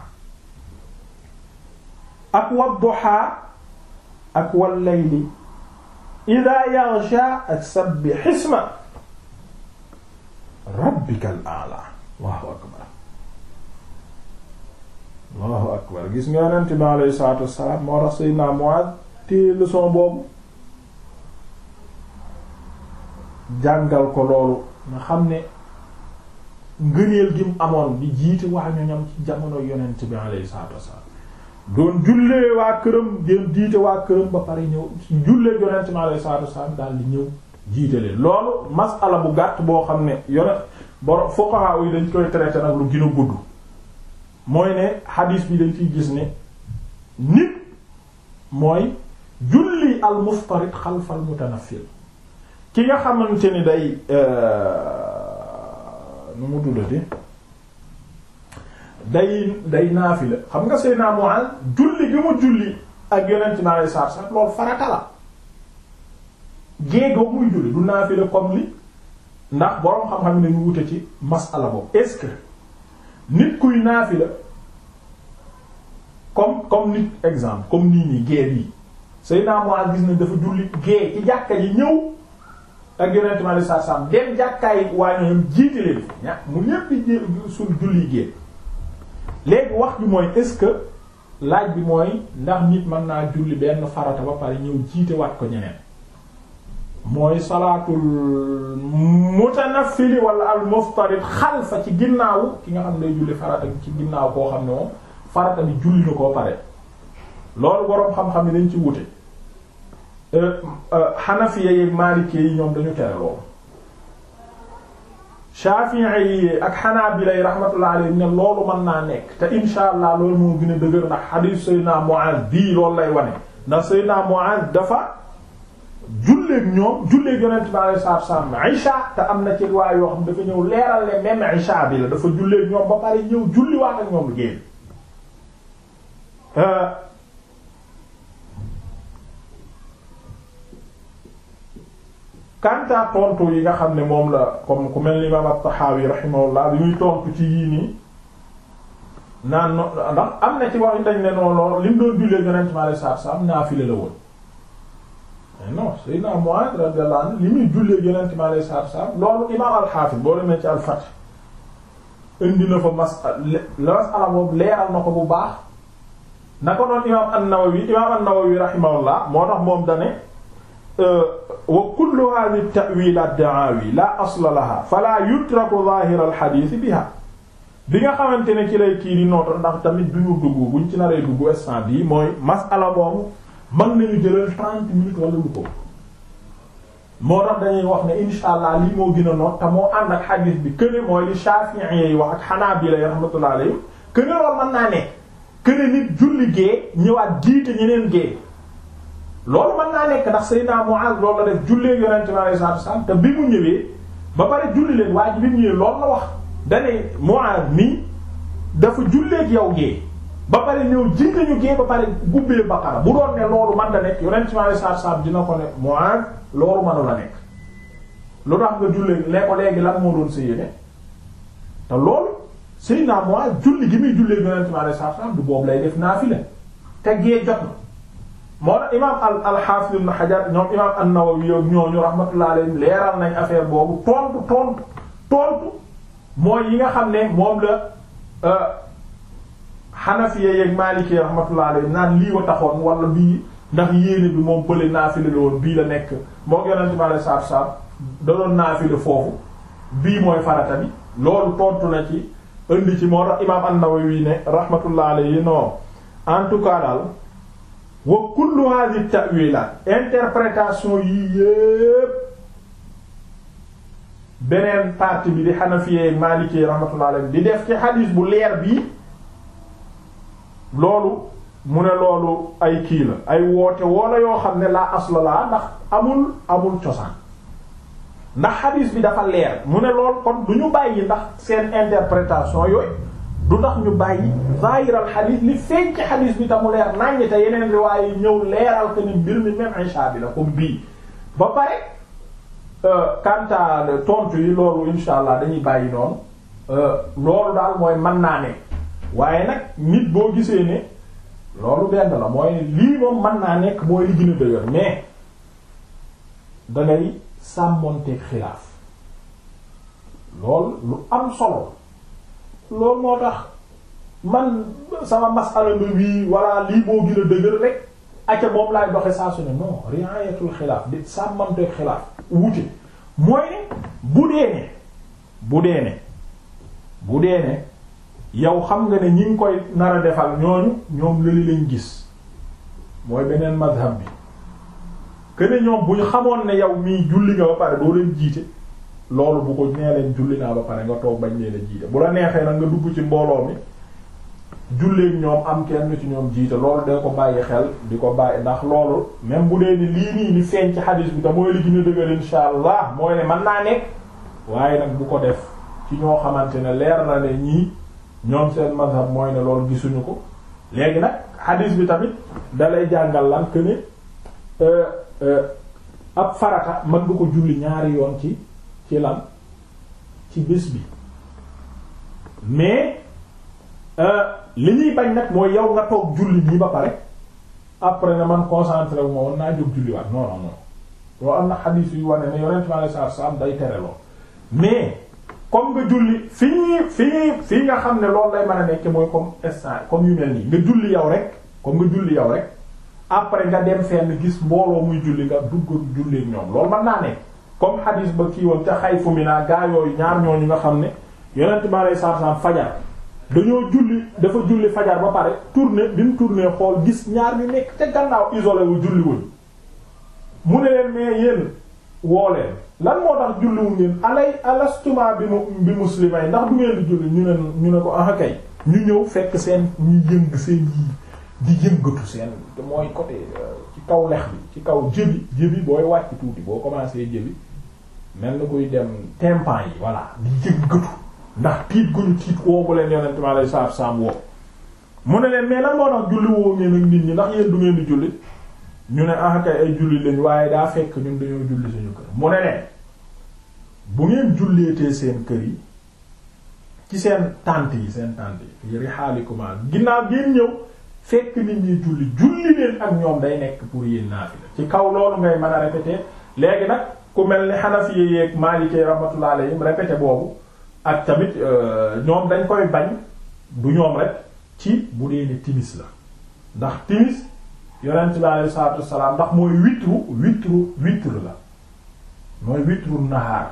ak wa duhaa ak wal layli idaa yaghsha ak sabbih isma rabbikal a'la allahu akbar allahu akbar gis nga yonent bi alayhi salaatu wassalaam moo tax Seydina Muaad téye leçon boobu jàngal ko loolu nga xam ne ngëneel gi mu amoon di jiite waa ñoñam ci jamono yonent bi alayhi salaatu wassalaam doon jullee waa këram doon jiite waa këram ba pare ñëw jullee yonent bi alayhi salaatu wassalaam daal di ñëw jiite leen loolu masala bu gàtt boo xam ne yonent boro fuqaha yi dañ koy traité nag lu gën a gudd mooy ne xadiis bi dañ ciy gis ne nit mooy julli al muftarid xalfal ki nga xam ni day euh, nu mu duddati day day naafila xam nga Seydina Mu'adh julli bi mu julli ak yonent naa lay saar sax loolu farata la géegoo muy julli du naafila comme li ndax borom xam-xam ne ñu wute ci masala boobu est-ce que nit kuy la comme comme nit exemple comme nii nii gée yi Seydina Muaz gis na dafa julli gée ci jàkka ji ñëw ak Yonent mi alayhi jàkkaay waa ñoom jiite leen wax bi mooy est-ce que laaj bi mooy ndax nit mën naa julli benn farata ba pare ñëw jiite waat ko ñeneen. mooy salaatul mutanaffili wala al xal xalfa ci ginnaaw ki nga xam ne day julli farata ci ginnaaw koo xam ne moom farata bi julli na koo pare loolu boroom xam-xam ne dañ ci wute xanafiya euh, euh, yeeg maalikee yi ñoom dañu tere loolu shafi'i yi ak xanaabila yi rahmatullah alayhi ne loolu mën naa nekk te insha allah loolu moo gën a dëgër ndax xadiis sayyidina Mu'adh bii loolu lay wane ndax sayyidina Mu'adh dafa julli julleek ñoom julleek yonent bi alayhi salaatu salaam te am na ci riwaaya yoo xam dafa ñëw leeral le même bi la dafa julleek ñoom ba pare ñëw julliwaat ak ñoom euh, yi nga xam ne moom la comme ku mel ni imaam at-Tahawi rahimahullah bi tontu ci yii nii naan ndax am na ci wax dañ ne noonu lool li mu doon julleek yonent bi alayhi salaatu la woon non Seydina Mu'aaz radiyallahu anhu li muy jullee yonent mi alayhi salaatu salaam loolu imaam al-Haafiz boo demee ci al-Fath indi na fa masala leeral na ko bu baax na ko noonu imaam an-Nawawi imaam an-Nawawi rahimahullah moo tax moom dane euh, wa kullu haadhihi at-ta'wiilaat ad-da'aawi laa asla lahaa falaa yutraku zaahir al-hadiith bihaa bi nga xamante ne ci lay kii di ndax tamit duñu dugg buñ ci naree dugg instant bii mooy masala boobu mën nañu jëlal trente minutes wala moo tax dañuy wax ne insha allah moo gën a te moo ànd ak xadiis bi këne mooy li Shafi'i yi wax ak Hanabila yi rahmatullah alayhi këne loolu mën naa nekk këne nit julli gee ñëwaat jiite ñeneen loolu mën naa nekk ndax Seydina Mu'adh loolu la def jullee yonente bi alayhi salaatu te bi mu ñëwee ba pare julli leen waaye bi mu ñëwee loolu la wax dane Mu'adh mi dafa julleeg yow gee ba pare ñëw jiite ñu gee ba pare gubbee baqara bu doon ne loolu mën na nekk yonente bi alayhi salaatu wasallam dina ko ne loolu mënu la nekk lu tax nga jullee lee ko lan moo doon sa yéene te loolu sëy naa moi julli gi muy jullee yonent mi alayhi salaatu salaam du boobu lay def naafila te gee jot na moo tax imaam al al-Hafiz Ibn Hajar ñoom imaam an-Nawawi ak ñooñu rahmatullahi alayhim leeral nañ affaire boobu tontu tontu tontu mooy yi nga xam ne moom la euh, Hanafiya yeeg Maliki rahmatullahi alayhim naan lii wa taxoon wala bii. ndax yéene bi moom bële naafile bii la nekk moo yonente bi alei saatu salaam da doon foofu bii mooy farata bi loolu tontu na ci indi ci moo tax imaam an-Nawawi ne rahmatullah alayhi non en tout cas daal wa kullu hadhihi yii yépp beneen partie bi di xanafiyee maalikee rahmatullah alayhi di def ci xadiis bu leer bi loolu mu ne loolu ay kii la ay woote woola yoo xam ne laa asla laa ndax amul amul cosaan ndax hadis bi dafa leer mu ne loolu kon du ñu bàyyi ndax seen interprétation yooyu du tax ñu bàyyi zahiral hadis li feeñ ci hadis bi te mu leer naññ te yeneen riwaay yi ñëw leeral ko ni mbir mi même insha bi la comme bii ba pare euh, quant à tontu yi loolu insha allah dañuy bàyyi noonu euh, loolu daal mooy man naa ne waaye nag nit boo gisee ne loolu benn la mooy lii moom mën naa nekk mooy li gën dëgër mais dangay sàmmonteeg xilaaf loolu lu am solo loolu moo tax man sama masala nga wii walla lii moo gën a dëgër rek acca moom laay doxe saa su ne non riayatul xilaaf di sàmmonteeg xilaaf wuute mooy bu dee ne bu dee ne bu dee ne yow xam nga ne ñi ngi koy nara a defal ñooñu ñoom lëli lañ gis mooy beneen mazhab bi que ne ñoom bu ñu xamoon ne yow mii julli nga ba pare doo leen jiite loolu bu ko nee leen julli naa ba pare nga toog bañ leen a jiite bu la neexee nag nga dugg ci mbooloo mi julleek ñoom am kenn ci ñoom jiite loolu da ko bàyyi xel di ko bàyyi ndax loolu même bu dee ni lii nii ni feeñ ci xadiis bi te mooy li dëgër insha allah mooy ne mën naa nekk waaye nag bu ko def ñoo xamante ne leer na ne ñii ñoom seen mazhab mooy ne lool gisuñu ko léegi nag hadis bi tamit dalay jàngal lan que euh, euh, ab farata mën nga ko julli ñaari yoon ci ci lan ci bés bi mais euh, li ñuy bañ nag mooy yow nga toog julli bii ba pare après na man concentré wu ma naa jóg julliwaat non non non loolu am na hadis yu wane ne yonent bi sallallahu alayhi wasallam day tere lool mais. comme nga julli fi ñuy fi ñuy fii nga xam ne loolu lay mën a nekk mooy comme instant comme yu mel nii nga julli yow rek comme nga julli yow rek après nga dem fenn gis mbooloo muy julli nga dugg julli ñoom loolu man naa ne comme hadis ba kii woon ca xay fu mi naa gaa yooyu ñaar ñooñu nga xam ne yonent ma lay sarsam fajar dañoo julli dafa julli fajar ba pare tourner bi mu tourner xool gis ñaar ñu nekk ca gannaaw isolé wu julli wuñ mu ne leen mais yéen wooleen lan moo tax julliwu ngeen alay alastuma bi mu bi muslimay ndax du ngeen di julli ñu ne ñu ne ko ah kay ñu ñëw fekk seen ñu yëng seen yi di yëngatu seen mooy côté euh, ci kaw lex bi ci kaw jëbi jëbi booy wàcc tuuti boo commencé jëbi mel na kuy dem tympan yi voilà di yëngatu ndax tiit gu ñu tiit woobu leen yonent mi alayhi salaatu wa woo mu ne leen mais lan moo tax julli woo ngeen ak nit ñi ndax yéen du ngeen di julli ñu ne ah kay ay julli lañ waaye daa fekk ñun dañoo julli suñu kër mu ne leen bu ngeen julleetee seen kër yi ci seen tànt yi seen tànt yi rihaalikumaa ginnaaw ngeen ñëw fekk nit ñi julli julli leen ak ñoom day nekk pour yéen naafila ci kaw loolu ngay mën a répéter léegi nag ku mel ni Hanafi yeek Maliki rahmatullahi alayhim répéter boobu ak tamit euh, ñoom dañ koy bañ du ñoom rek ci bu dee ni timis la ndax timis yonent bi alayhi salaatu wassalaam ndax mooy witru witru witru la mooy witru nahaar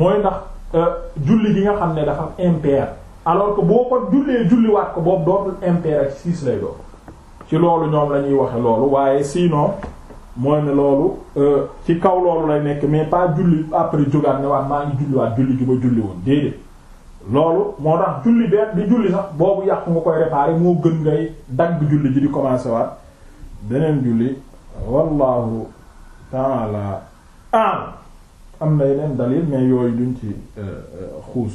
mooy ndax euh, julli gi nga xam ne dafa am impair alors boo ko jullee julliwaat ko boobu dootul impair ak siis lay doon ci loolu ñoom lañuy ñuy waxe loolu waaye sinon mooy ne loolu euh, ci kaw loolu lay nekk mais pas julli après jógaat ne waat maa ngi waat julli gi ba julli woon déedéet loolu moo tax julli benn di julli sax boobu yàqu nga koy réparer moo gën ngay dagg julli ji di waat beneen julli wallahu taala am am na yeneen dalil mais yooyu duñ ci euh, euh, xuus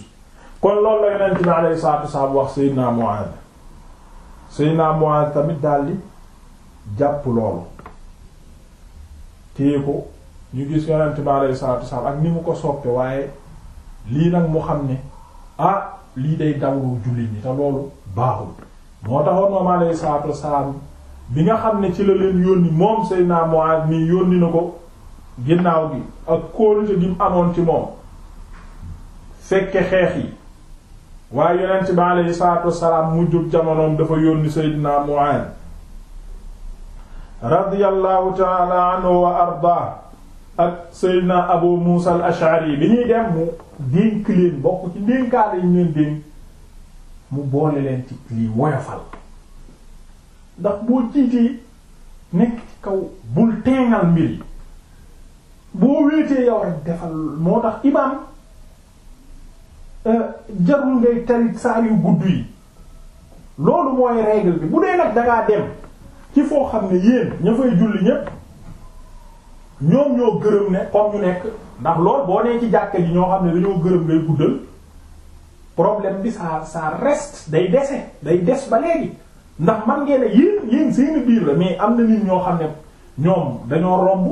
kon loolu la yonent bi alayhi salaatu wasalaam wax Seydina Muaaz Seydina Muaaz tamit daldi jàpp loolu téye ko ñu gis yonent ak ni mu ko soppe waaye lii nag mu xam ni ah lii day dawlu julli ñi te loolu baaxul moo taxoon moom alayhi salaatu wasalaam bi nga xam ne ci la leen yónni moom Seydina Muaaz mi yónni na ko ginnaaw bi ak kóolute gi mu amoon ci moom fekke xeex yi waaye yonent bi aleyhi salaatu wasalaam mujjub jamonoom dafa yónni Seydina Muaaz radiyallahu taala anhu wa ardaa ak Seydina Abu Muusa al-Ash'ari bi ñuy dem mu dénk leen bokk ci dénkaale yi ñu leen dénk mu boole leen ci lii woyofal ndax boo jiitee nekk ci kaw bul teengal mbir yi boo wéetee yow rek defal moo tax imaam euh, jarul ngay tarit saar yu gudd yi loolu mooy règle bi bu dee nag dangaa dem ci foo xam ne yéen ña fay julli ñépp ñoom ñoo gërëm ne comme ñu nekk ndax lool boo nee ci jàkka ji ñoo xam ne dañoo gërëm ngay guddal problème bi ça ça reste day dese day des ba léegi ndax man ngeen yéen yéen seen biir la mais am na nit ñoo xam ne ñoom dañoo romb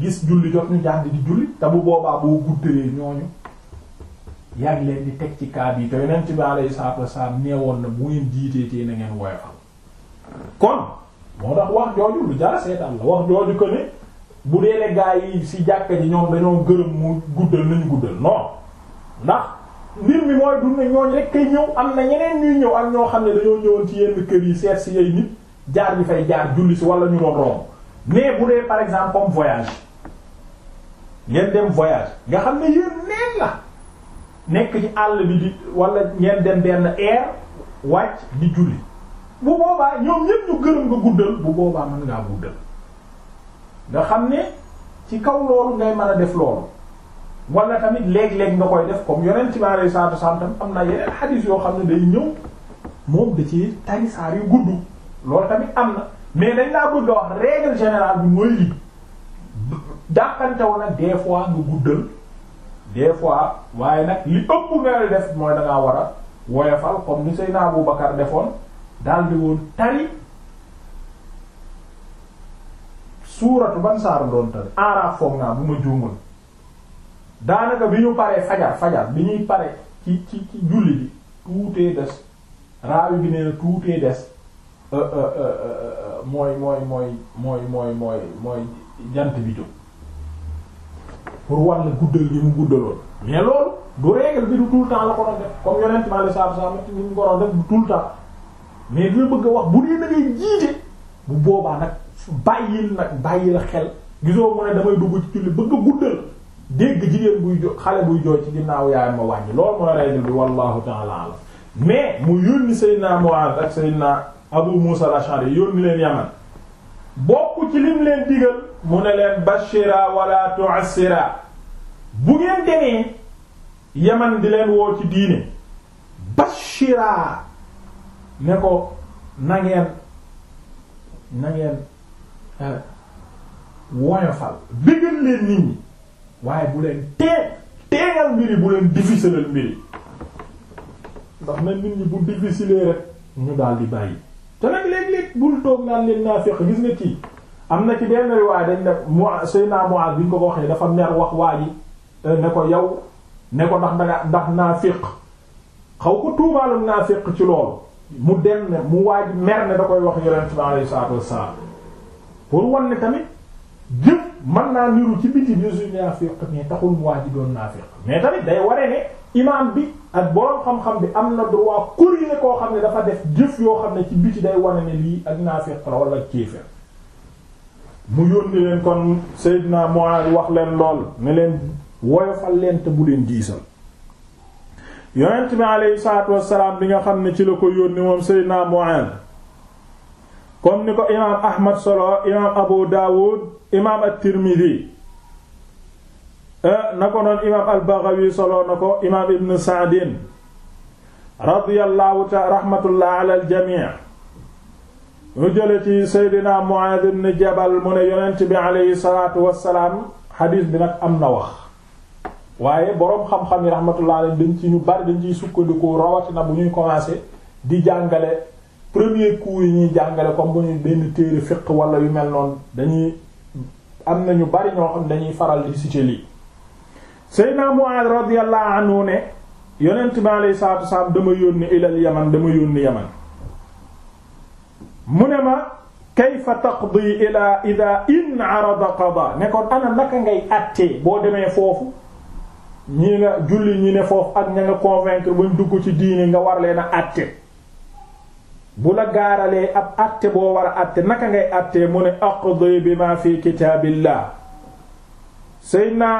gis julli jot ñu jàng di julli te bu boobaa boo guddee ñooñu yàgg leen di teg ci kaab yi te yonent bi alayhi salaatu wasalaam neewoon na bu ngeen jiitee na ngeen woyofal kon moo tax wax jooju lu jara seetaan la wax jooju ko ne bu dee ne gaa yi ci jàkka ji ñoom dañoo gërëm mu guddal nañu guddal non ndax. mbir mi mooy dund ñooñ rek kay ñëw am na ñeneen ñuy ñëw ak ñoo xam ne dañoo ñëwoon ci yenn kër yi seet si yay nit jaar bi fay jaar julli si wala ñu doon romb mais bu dee par exemple comme voyage ngeen dem voyage nga xam ne yéen neen la nekk ci àll bi di walla ngeen dem benn air wàcc di julli bu boobaa ñoom ñépp ñu gërëm nga guddal bu boobaa mën ngaa guddal nga xam ne ci kaw loolu ngay mën a def loolu wala tamit léeg-léeg nga koy def comme yonent ci laa lay saatu santam am na yeneen xadiis yoo xam ne day ñëw moom da ci tari saar yu gudd loolu tamit am na mais dañ laa bëgg a wax règle générale bi mooy lii dàqantew nag des fois nga guddal des fois waaye nag li ëpp ngay def mooy da war a woyofal comme ni Seydina Abu Bakar defoon daal di woon tari suuratu ban saaru doon tari Araaf foog naa bu ma juumal daanaka bi ñu paree fajar fajar bi ñuy pare ci ci ci julli bi tuutee des raawi bi nee tuutee des euh, euh, euh, mooy mooy mooy mooy mooy mooy jant bi jóg pour war na guddal gi mu guddaloon mais loolu du règle bi du tout le la ko doon def comme yonent ma la saabu saabu ni mu ko def du tout le temps mais dina bëgg a wax bu dee da ngay jiite bu boobaa nag bàyyil nag bàyyil xel gisoo mu ne damay dugg ci julli bëgg a guddal dégg jigéen buy jo xale buy jooy ci ginnaaw yaayam ma wàññi loolu mooy règle bi wallahu ta'ala mais mu yónni Seydina Mu'adh ak Seydina Abu Musa al-Ash'ari yónni leen Yaman bokk ci lim leen digal mu ne leen bashira wala tu'assira bu ngeen demee Yaman di leen woo ci diine bashira ne ko na ngeen euh, woyofal bégal leen nit ñi waaye bu leen tee teegal mbiri bu leen difficileel mbiri ndax na nit ñi bu difficilee rek ñu daal di bàyyi te nag léeg-léeg bul toog naan leen naa féq gis nga kii am na ci benn riwaay dañ ne mu Seydina Muaaz bi ñu ko ko waxee dafa mer wax waa ji euh, ne ko yow ne ko ndax danga ndax naa féq xaw ko tuumaalum naa féq ci loolu mu dem ne mu waaj mer ne da koy wax yonent bi alayhi salaatu wassalaam pour wan ne tamit jëf mën naa niru ci biti bisu naafiq mais taxul mu waa ji doon naafiq mais tamit day waree ne imaam bi ak boroom xam-xam bi am na droit corriger koo xam ne dafa def jëf yoo xam ne ci biti day wane ne lii ak naafiq la wala kéefër mu yónni leen kon naa Muaad wax leen lool ne leen woyofal leen bu leen diisal yonent bi alayhi salaatu wassalaam bi nga xam ne ci la ko yónni moom naa Muaad comme ni ko imaam ahmad solo imaam abu daawud imaam at-tirmidhi eh, na ko noon imaam al-baghawi solo na ko imaam ibn sa'din radiyallahu ta rahmatullah al-jami' ñu jële ci seydina mu'adh ibn jabal mu ne yonent bi aleyhi salaatu wassalaam xadiis bi nag am na wax waaye boroom xam-xam yi rahmatullah alayhi dañ ci ñu bari dañ ciy sukkandikoo rawatina bu ñuy commencé di jàngale premier cours yi ñuy jàngale comme bu ñu benn téere fiqh wala yu mel noonu dañuy am na ñu bari ñoo xam dañuy faral di citer lii Seydina Mu'adh radiyallahu anhu ne yonent bi alayhi salaatu wasalaam dama yónni ilal yaman dama yónni yaman mu ne ma kayfa taqdi ila ida in arada qada ne ko ana naka ngay àttee boo demee foofu ñii nga julli ñi ne foofu ak ña nga convaincre bañ dugg ci diini nga war leen a àtte bu la gaaralee ab àtte boo war a àtte naka ngay àttee mu ne aqdi bi ma fi kitaabillah seydina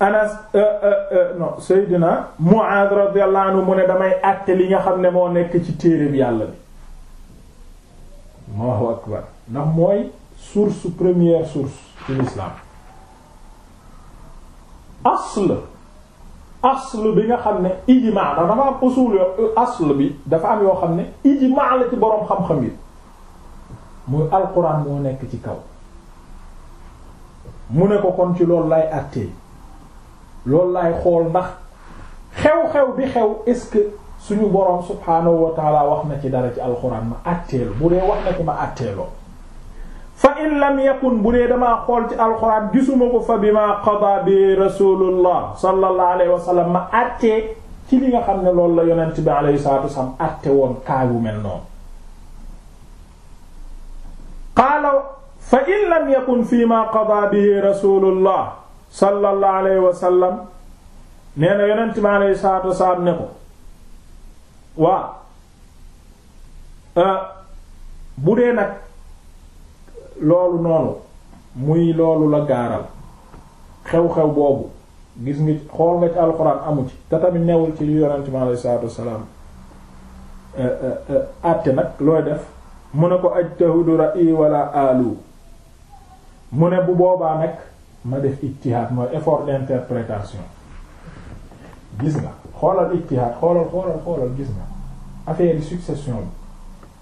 anas euh, euh, euh, non seydina muaad radiyallahu anhu mu ne damay àtte li nga xam ne moo nekk ci téereeb yàlla bi allahu akbar ndax mooy source première source ci l'islam asl asl bi nga xam ne ijmaa da dafa am usul yo asl bi dafa am yoo xam ne ijmaa la ci boroom xam-xam yi muy alquran moo nekk ci kaw mu ne ko kon ci loolu lay àttee loolu lay xool ndax xew-xew bi xew est-ce que suñu boroom subhaanahu wa taala wax na ci dara ci alxuraan ma àtteelu bu dee wax na ci ma àtteeloo fa in lam yakun bu dee damaa xool ci alxuraan gisuma ko fa bi ma qada bi rasulullah sallallahu alayhi wa ma àttee ci li nga xam ne loolu la yonent bi alayhi salatu wasallam àtte woon kaay bu mel noonu fa in lam yakun fi ma qada bi rasulullah sallallahu alayhi wa sallam na yonent bi alayhi salatu wasallam ne ko waa euh, loolu noonu muy loolu la gaaral xew-xew boobu gis nga xool nga ci alxuraan amu ci te tamit newul ci li yonent mi alayhi salaatu wassalaam eh, eh, eh, àtte nag looy def mu ne ko ajtahudu ra'i wala alu mu ne bu boobaa nag ma def ijtihaad mooy effort d'interprétation gis nga xoolal ijtihaad xoolal xoolal xoolal gis nga affaire succession bi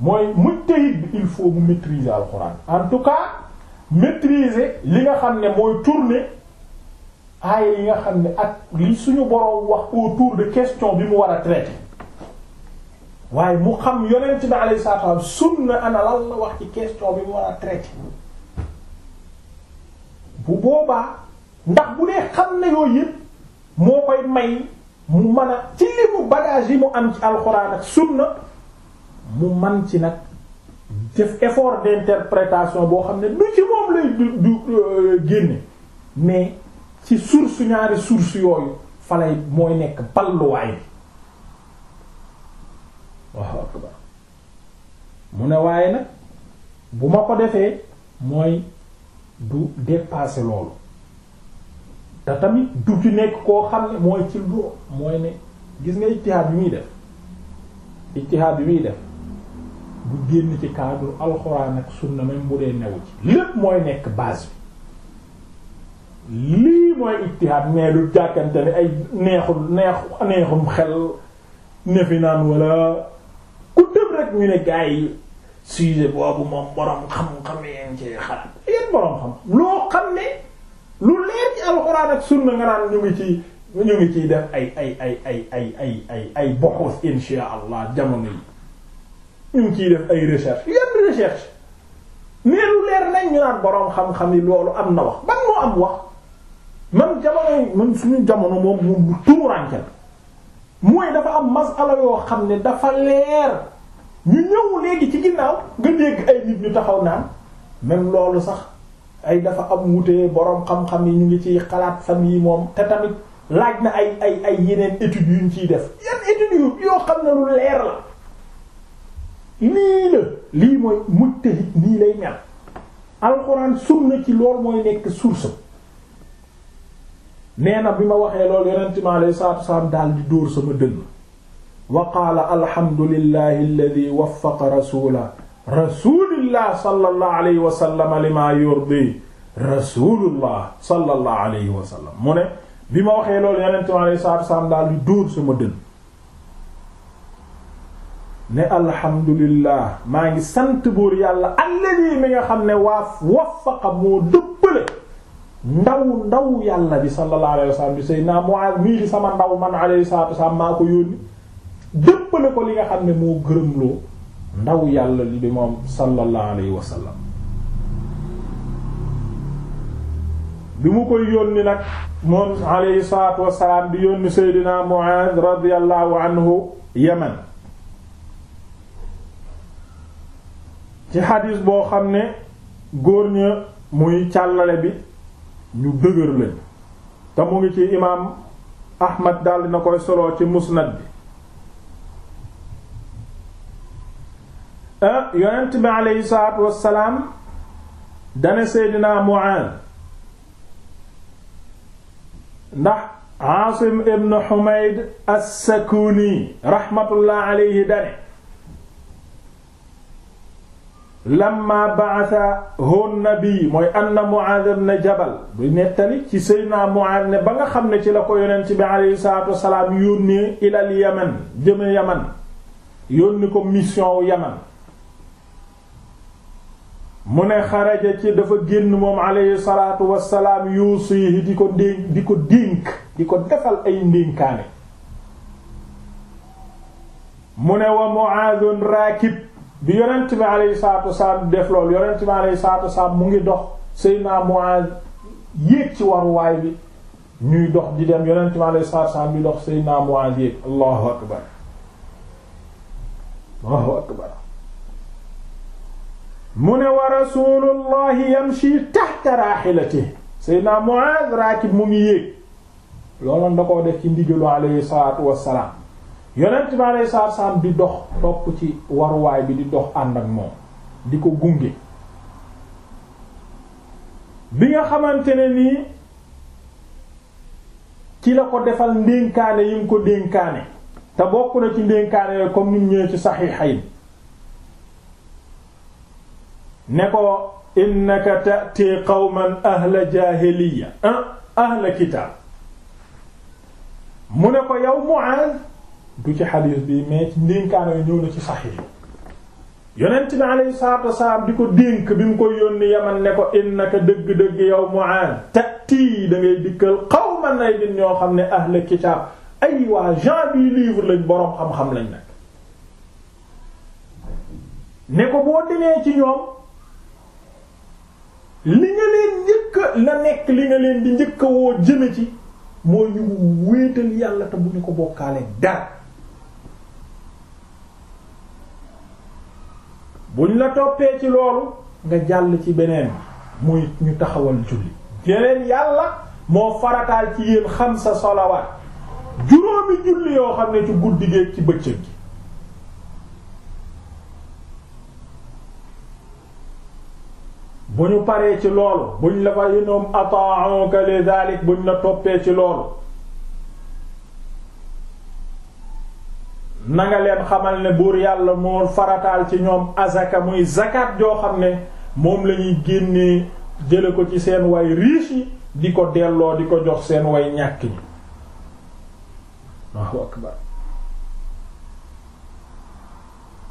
mooy mujtahid bi il faut mu maîtriser alxuraan en tout cas maîtriser li nga xam ne mooy tourner aaya yi nga xam ne ak li suñu boroom wax autour de question bi mu war a traiter waaye mu xam yonent bi alayhi salaatu wa salaam ana lan la wax ci question bi mu war a traiter bu boobaa ndax bu dee xam na yooyu yëpp moo koy may mu mën a ci li mu bagage yi mu am ci alxuraan ak sunna mu man ci nag def effort d'interprétation boo xam ne du ci moom lay du du euh, génne mais ci source ñaari source yooyu falay mooy nekk balluwaay bi waaw akbar mu ne waaye nag bu ma ko defee mooy du dépasser loolu te tamit du ci nekk koo xam ne mooy ci lu mooy ne gis nga ijtihaad bi muy def ijtihaad bi muy def bu génn ci cadre alxuraan ak sunna même bu dee newu ci lépp mooy nekk base bi lii mooy ijtihaad mais du jàkkante ni ay neexul neexu neexum xel nefi naan wala ku tëb rek ñu ne gaa yi sujet boobu moom boroom xam-xam yeen ci xalaat yeen boroom xam loo xam ne lu leer ci alxuraan ak sunna nga naan ñu ngi ci ñu ngi ciy def ay ay ay ay ay ay ay ay boxus insha allah jamono yi ñu ciy def ay recherche yenn recherche mais lu leer nañ ñu naan boroom xam-xam yi loolu am na wax ban moo am wax man jamono man suñu jamono moom moom bu tuuranke mooy dafa am masala yoo xam ne dafa leer ñu ñëw léegi ci ginnaaw nga dégg ay nit ñu taxaw naan même loolu sax ay dafa am wute boroom xam-xam yi ñu ngi ciy xalaat fan moom te tamit laaj na ay ay ay yeneen études yu ciy def yan études yu yoo xam ne lu leer la lii la lii mooy mujtahid nii lay mel alxuraan sunna ci loolu mooy nekk source nee na bi ma waxee loolu yonent mi alayhi salaatu wasalaam daal di dóor sama dënn wa qaala alhamdulillahi alladhi waffaqa rasula rasulillah sallallahu alayhi wa sallam lima yurdi rasulullah sallallahu alayhi wa sallam mu ne bi ma waxee loolu yonent mi alayhi salaatu wasalaam daal di dóor sama dënn ne alhamdulillah maa ngi sant buur yàlla alladi mi nga xam ne waaf waffaqa moo dëppale ndaw ndaw yàlla bi sallallahu alayhi bi sayyidina Mu'adh mii di sama ndaw man alayhi salaatu wa salaam maa ko yónni dëppale ko li nga xam ne moo gërëmloo ndaw yàlla li bi moom sallallahu alayhi bi mu koy yónni nag moom alayhi salaatu wa salaam di yónni sayyidina Mu'adh radiyallahu anhu Yaman ci xadis boo xam ne góor ña muy càllale bi ñu dëgër lañ te mu ngi ci imaam ahmad daldi na koy soloo ci musnad bi ah, yonent bi aleyhi salaatu wassalaam dane seydina Mu'aaz ndax Aasim ibn Humayd as rahmatullah aleyhi dane lamma ba'atha hun nabi mooy anna Mu'aaz ibn Jabal bu nettali ci Seydina Mu'aaz ne ba nga xam ne ci la ko yonent bi alayhi salaatu wassalaam yónnee ilal Yaman jëme Yaman yónni ko mission wu mu ne xaraja ci dafa génn moom alayhi salaatu wassalaam yuusihi di di ko dénk di ko defal ay ndénkaane mu ne wa Mu'aaz raakib bi yonent bi alayhi salaatu wasalaam def lool yonent bi alayhi salaatu wasalaam mu ngi dox Seydina Muaz yéeg ci waruwaay bi ñuy dox di dem yonent bi alayhi salaatu wasalaam di dox Seydina Muaz yéeg allahu akbar allahu akbar mu ne wa rasulullahi yamshi tahta rahilatihi Seydina Muaz raakib mu ngi yéeg looloon da koo def ci ndigalu alayhi salaatu wasalaam yonent bi aleyhi salaatu salaam di dox topp ci waruwaay bi di dox ànd ak moom di ko gunge bi nga xamante ne nii ci la ko defal ndénkaane yi mu ko dénkaane te bokk na ci ndénkaane yooyu comme nim ñëwee ci saxiixayn ne ko innaka ta'ti qawman ahla jaahiliya ah, ahla kitaab mu ne ko yow Mu'aaz du ci xadiis bi mais ci ndénkaane yi ñëw na ci saxiix yonent bi alayhi salaatu wasalaam di ko dénk bi mu ko yónni yaman ne ko innaka dëgg-dëgg yow Mu'aaz tati da ngay dikkal qawman ay din ñoo xam ne ahla kitaab ay waa gens du livre lañ boroom xam-xam lañ nag ne ko boo demee ci ñoom li nga leen njëkk la nekk li nga leen di njëkk woo jëme ci moo ñu wéetal yàlla te bu ñu ko bokkaale dara buñ la toppee ci loolu nga jàll ci beneen muy ñu taxawal julli yeneen yàlla moo farataal ci yéen xamsa salawaat juróomi julli yoo xam ne ci guddi gi ci bëccëg gi bu ñu paree ci loolu buñ la fa yenoom ata'uka li dalik buñ la toppee ci loolu na nga leen xamal ne buur yàlla moo farataal ci ñoom azaka muy zakat joo xam ne moom lañuy génne jële ko ci seen way riche yi di ko delloo di ko jox seen way ñàkk ñi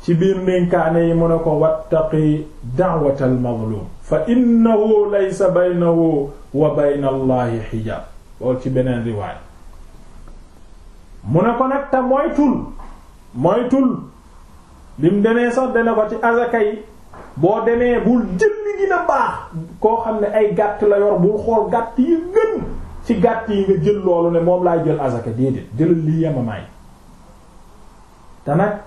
ci biir ndénkaane yi mu ne ko wattaqi da'watal mazlum fa innahu laysa baynahu wa bayna xijaab loolu ci beneen riwaay mu ne ko nag te moytul bi mu demee sax dana ko ci azaka yi boo demee bul jël li gën baax koo xam ne ay gàtt la yor bul xool gàtt yi gën ci gàtt yi nga jël loolu ne moom laay jël azaka déedéet jëlal li yemamaay te nag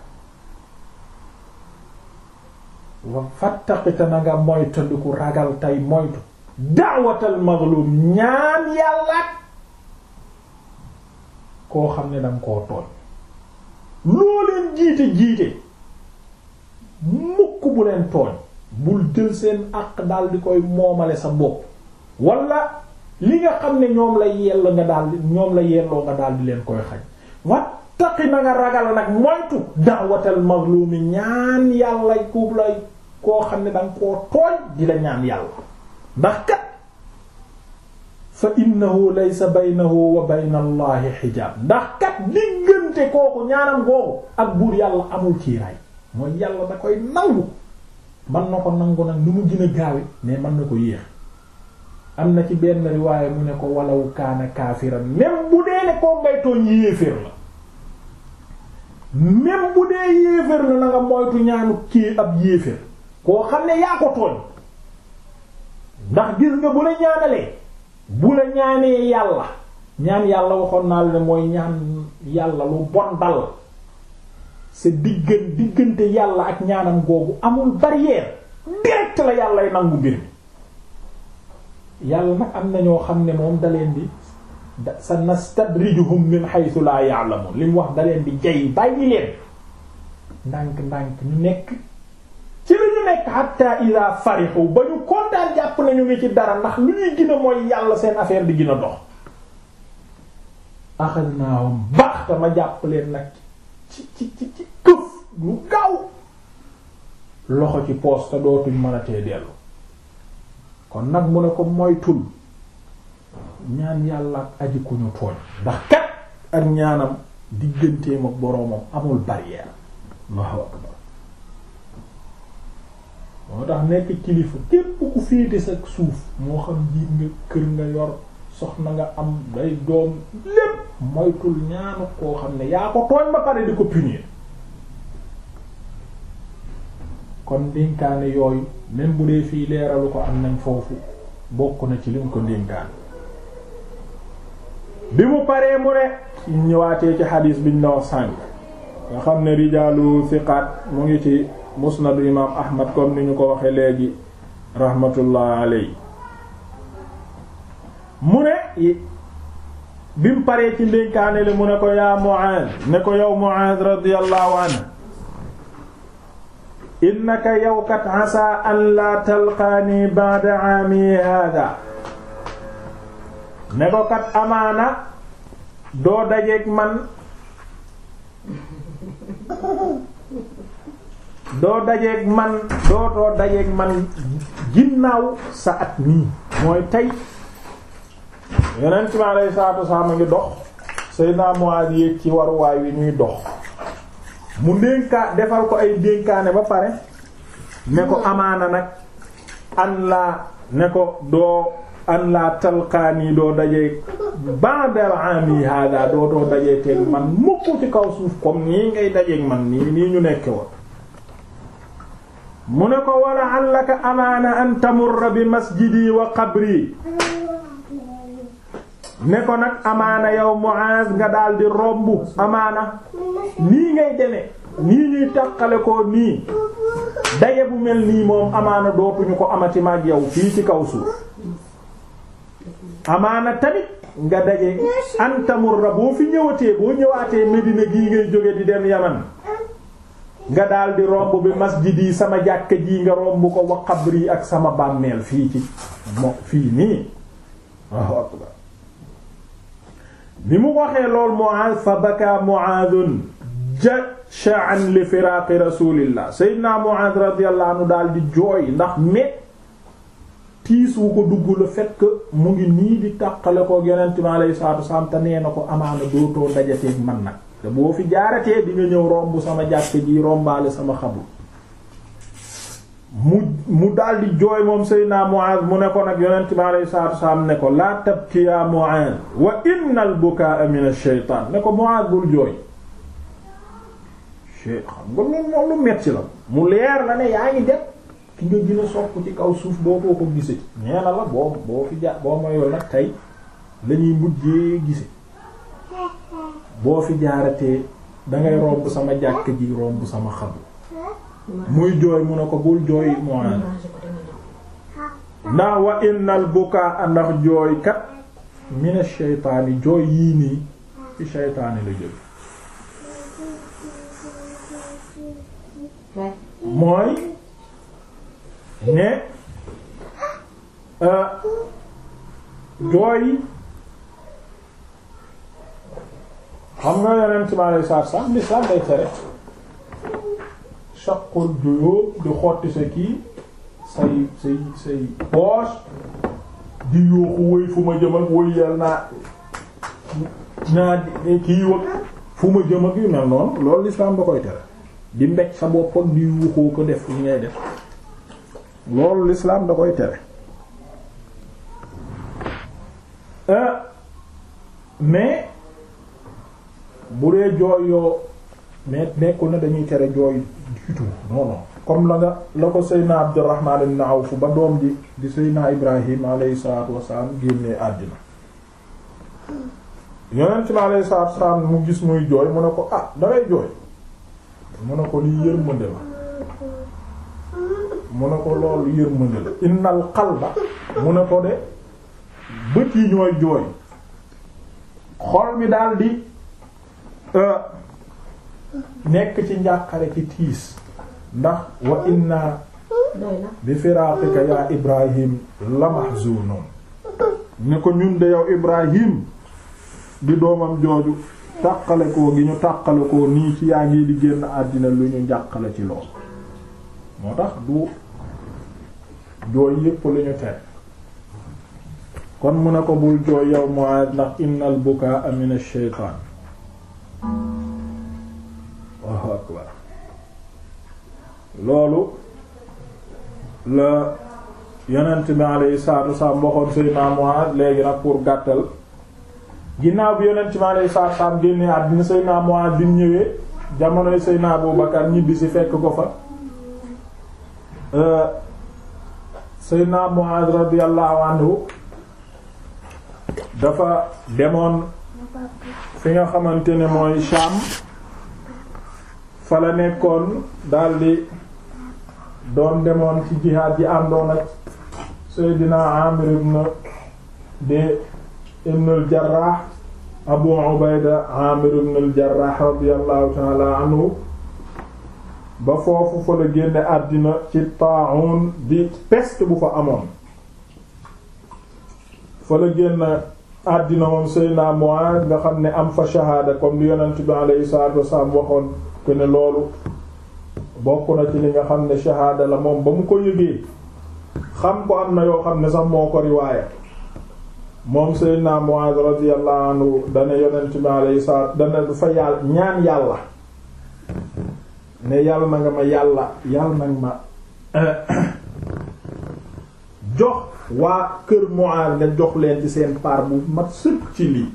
wa fattaqita na nga moytandiku ragal tey moytu daawatal maghlum ñaan yàlla koo xam ne danga koo tooñ loo leen jiite jiite mukk bu leen tooñ bul jël seen àq daal di koy moomale sa bopp wala li nga xam ne ñoom la yell nga daal di ñoom la yelloo nga daal di leen koy xaj wattaqi na nga ragal nag moytu da'watal mazlumi ñaan yàlla ku lay koo xam ne danga koo tooñ di la ñaan yàlla ndax kat fa innahu laysa baynahu wa bayna allahi xijaab ndax kat diggante kooku ñaanam googu ak buur yàlla amul ci ray mooy yàlla da koy nangu mën na ko nangu nag nu mu gën a gaawe mais na ko yéex am na ci benn riwaaye mu ne ko walaw kaana kaafiran même bu dee ne koo ngay tooñ yéeféer la même bu dee yéeféer la na nga moytu ñaanu kii ab yéeféer koo xam ne yaa ko tooñ ndax gis nga bu la ñaanalee bu la ñaanee yàlla ñaan yàlla waxoon naa la ne mooy ñaan yàlla lu bon dal sa diggan diggante yàlla ak ñaanam googu amul barrière direct la yàllay nangu mbir mi yàlla nag am na ñoo xam ne moom da leen di sa nastadrijuhum min haythu la ya'lamun li mu wax da leen di jay bàyyi leen ndànk ndànk ñu nekk nekk hatta ila farihu ba ñu kontaan jàpp nañu ngi ci dara ndax lu ñuy gën mooy yàlla seen affaire di gën a dox axadnaahum baxta ma jàpp leen nag ci ci ci ci këf gaaw loxo ci poos te dootuñ mën dellu kon nag mu ne ko moytul ñaan yàlla ak aji ku ñu tooñ ndax kat ak ñaanam digganteem ak boroomam amul barrière Allahu akbar moo tax nekk kilifa képp ku féete sa suuf moo xam jiit nga kër nga yor sox soxna nga am day doom lépp moytul ñaanu koo xam ne yaa ko tooñ ba pare di ko punir kon ndénkaane yooyu même bu dee fii leeralu ko am nañ foofu bokk na ci liñ ko ndénkaan bi mu paree mu ne ñëwaatee ci xadiis biñ la wax sànk nga xam ne rijaalu siqaat mu ngi ci musnadu imaam ahmad comme ni ñu ko waxe léegi rahmatullah aley mu ne bi paree ci ndénkaane mu ne ko yaa Mu'aaz ne ko yow Mu'aaz radiyallahu anhu innaka yow kat an laa talqaani ba'da aami haadaa ne ko kat amaana doo dajeek man doo dajeeg man doo doo dajeeg man ginnaaw sa at nii mooy tey yeneen ci ma lay saatu saa ma ngi dox Seydina Muaaz yéeg ci waruwaay wi ñuy dox mu ndénkaa defal ko ay dénkaane ba pare ne ko amaana nag an laa ne ko doo an laa talqaanii doo dajee ba'da ami hada doo doo dajee teel man mukk ci kaw suuf comme nii ngay dajeeg man nii nii ñu nekke woon mu ne ko wala allaka amaana an tamurra bi masjidi wa qabri ne ko nag amaana yow Muaz nga daldi romb amaana nii ngay demee nii ñuy tàqale ko nii daje bu mel nii moom amaana dootuñu ko amati maag yow fii ci kaw suuf amaana tamit nga daje an tamurra boo fi ñëwatee boo ñëwaatee Medina gii ngay jóge di dem Yaman nga daal di romb bi masjid yi sama jàkka ji nga romb ko wa xabri ak sama bàmmeel fii ci mo fii nii bi mu waxee lool Mu'aaz fa baka Mu'aazun jasha'an li firaaqi rasulillah sayyidina Mu'aaz radiyallahu anhu daal di jooy ndax mét tiis wu ko dugg la fekk mu ngi nii di tàqale ko yonent mi alayhi salaatu salaam te nee ko amaana dootoo dajateeg man nag te boo fi jaaratee di nga ñëw romb sama jàkk ji rombaale sama xabru mu mu daldi jooy moom naa Muaz mu ne ko nag yonent bi alayhi salaatu wasalaam ne ko laa tabki ya Muaz wa innal bukaa min ash-shaytaan ne ko Muaz bul jooy xam nga loolu moom lu la mu leer la ne yaa ngi def ki nga gën a ci kaw suuf doo koo ko gise nee la boo boo fi ja boo ma yool tey la mujjee gise boo fi jaaratee dangay romb sama jàkk ji romb sama xabru muy jooy mu ne ko bul jooy moana ndax wa innal bukaa ndax jooy kat mina sheytaani jooy yii nii ci sheytaani la jël mooy ne euh, jooy xam nga yeneen ci maanaam sax sax lislaam day tere chaque jour di xotti sa kii say say say poche di yooxu wëy fu ma jëm ak wëy yal naa naa kii wëg fu ma jëm ak yu mel noonu loolu lislaam da koy tere di mbéj sa bopp ak di yuuxoo ko def li ngay def loolu lislaam da koy tere euh, mais bu dee jooy yoo mais nekkul na dañuy tere jooy du tout comme la nga la ko Seydina Abdurrahman ibn Awf ba doom ji di Seydina Ibrahim alayhi salaatu wasalaam génnee àddina yonent bi alayhi salaatu wasalaam mu gis muy jooy mu ne ko ah dangay jooy mu ne ko lii yërmande la mu ne ko loolu yërmande la innal qalba mu ne ko de bët yi ñooy jooy xol mi daal di nekk ci njàqare ci tiis ndax wa inna bi firaaqika yaa ibrahim la mahzunun ko ñun de yow ibrahim di doomam jooju tàqale koo gi ñu tàqale koo nii ci yaa ngi di génn àddina lu ñu njàqale ci lool moo tax du jooy yépp lu ñu tere kon mu ne ko bul jooy yow Muaad ndax innal bukaa min ash-shaytaan Allahu akbar loolu la yonent bi alayhi salaatu wasalaam waxoon Seydina Muaad léegi nag pour gàttal ginnaaw bi yonent bi alayhi salaatu wasalaam génnee àddina Seydina Muaad bi mu ñëwee jamonoy Seydina Abu Bakar ñibbi si fekk ko fa euh, Seydina Muaad radiyallahu anhu dafa demoon fi nga xamante ne mooy Sham fa la nekkoon daldi doon demoon ci jihaad ji àndoon ak Seydina Amir ibn de ibn al-Jarrah Abu Ubayda Amir ibn al-Jarrah radiyallahu ta'ala anhu ba foofu fa la génne àddina ci Taa'un di peste bu fa amoon fa la génn àddina moom Seydina Muaad nga xam ne am fa shahaada comme li yonent bi alayhi salaatu wasalaam waxoon te ne loolu bokk na ci li nga xam ne shahaada la moom ba mu ko yëgee xam ko am na yoo xam ne sax moo ko riwaaya moom Seydina Muaad radiyallahu anhu dana yonent bi alayhi salaatu dana du fa yàlla ñaan yàlla ne yàlla na nga ma yàlla yàlla na nga ma jox waa kër Mu'aaz nga jox leen ci seen part bu mat sëpp ci lii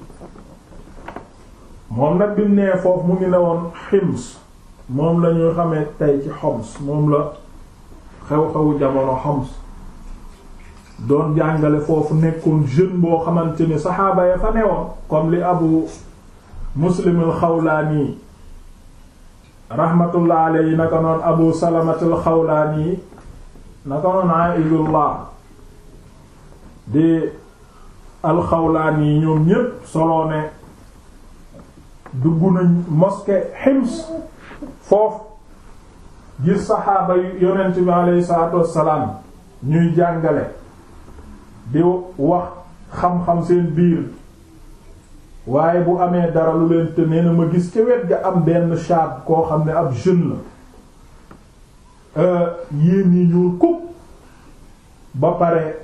moom nag bi mu nee foofu mu ngi ne woon Hims moom la ñuy xamee tey ci Homs moom la xew-xewu jamono Homs doon jàngale foofu nekkoon jeune boo xamante ni saxaaba ya fa newoon comme li Abu Muslim al-Xawlaani rahmatullah alayhi naka noon Abu Salamatul Xawlaani naka noon Aïdullah di alxawlaan yi ñoom ñépp solo ne dugg nañ mosquée Hims foofu gis saxaaba yu yonent bi aleyhi salaatu wassalaam ñuy jàngale di wax xam-xam seen biir waaye bu amee dara lu leen te nee ma gis ca wet ga am benn shaab koo xam ne ab jeune la euh, yéen yi ñuul ba pare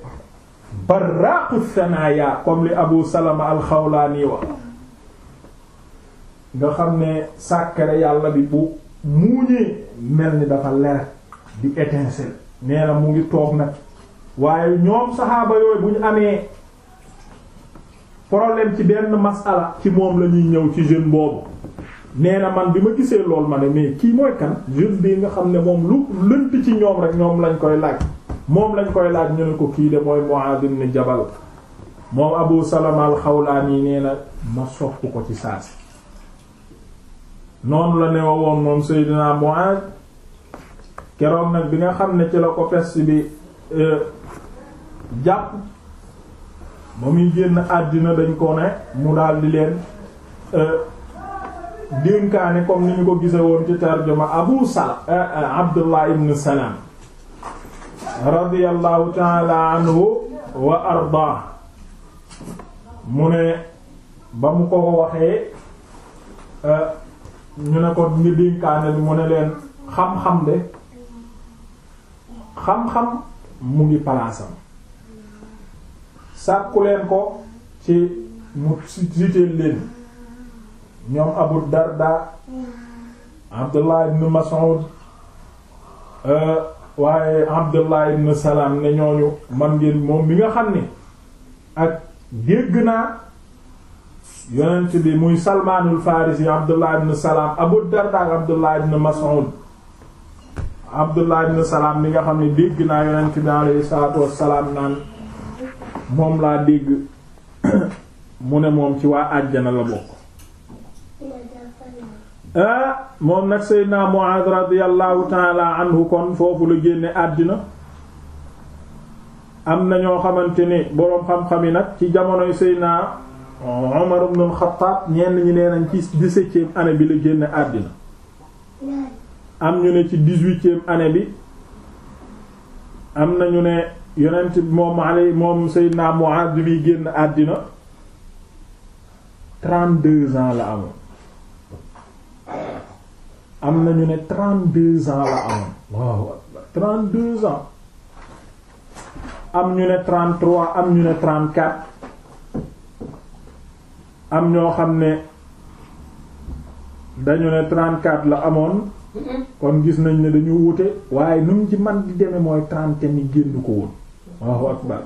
baraaqu sanaya comme li Abu Salama al-Xawlaani wa nga xam ne sàkkare yàlla bi bu muuñee mel ni dafa leer di étincelle nee mu ngi toog nag waaye ñoom saxaaba yooyu bu ñu amee problème ci benn masala ci moom la ñuy ñëw ci jeune boobu nee na man bi ma gisee lool ma ne mais kii mooy kan jeune bi nga xam ne moom lu lënt ci ñoom rek ñoom lañ koy laaj moom lañ koy laaj ñu ne ko kii de mooy Mu'adh ibn Jabal moom Abu Salama al-Xawlaani nee na ma sopp ko ci saasi noonu la ne woon moom Seydina Mu'adh keroog nag bi nga xam ne ci la ko peste bi e, jàpp ba muy génn àddina dañ ko ne mu daal di leen e, dénkaane comme ni ñu ko gise woon ci tarjuma Abu Sal e, Abdullah ibn Salam radiyallahu taala anhu wa ardaa mu ne ba mu ko waxee euh, ñu ne ko ngi dénkaane bi mu ne leen xam-xam de xam-xam mu ngi palaasam sàkku leen ko ci mu siteel leen ñoom Abu Darda Abdullah ibn Mas'ud euh, waaye Abdullah ibn Salam ne ñooñu man ngeen moom bi nga xam ni ak dégg naa yonent bi muy Salmaanul Farisi Abdullah ibn salaam abul Darda ak Abdullah ibn Mas'ud Abdullah ibn Salam mi nga xam ne dégg naa yonent bi alayhi salaatu wassalaam naan moom laa dégg mu ne moom ci waa àjjana la bokk ah moom nag Seydina Muaaz radiyallahu taala anhu kon foofu la génne àddina am na ñoo xamante ni boroom xam-xam yi nag ci jamonoy Seydina Umar ibn al-Khattab ñenn nee nañ ci dix-septième année bi am ñu ne ci dix-huitième année bi am na ñu ne yonent bi moom alay moom Seydina Muaaz bi génn àddina trente-deux ans la amoon am na ñu ne trente-deux ans la amoon waaw trente-deux ans am ñu ne trente-trois am ñu ne trente-quatre am ñoo xam ne dañu ne trente-quatre la amoon kon gis nañ ne dañu wute waaye nu mu ci man di demee mooy trente ni génn ko woon Allahu akbar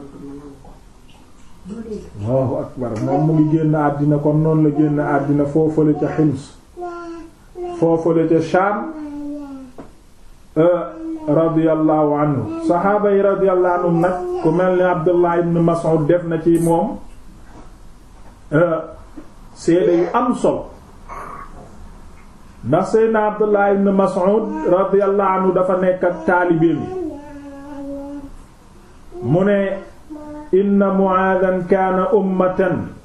Allahu akbar moom mu ngi génn àddina kon noonu la génn àddina la ca Hims foofale ca Shaam euh, radiyallahu anhu saxaaba yi radiyallahu anhum nag ku mel ni Abdullah ibn Mas'ud def na ci moom euh, seede yu am solo ndax Seydina Abdullah ibn Mas'ud radiyallahu anhu dafa nekk ak taalibeem yi mu ne inna Mu'aadan kaana ummatan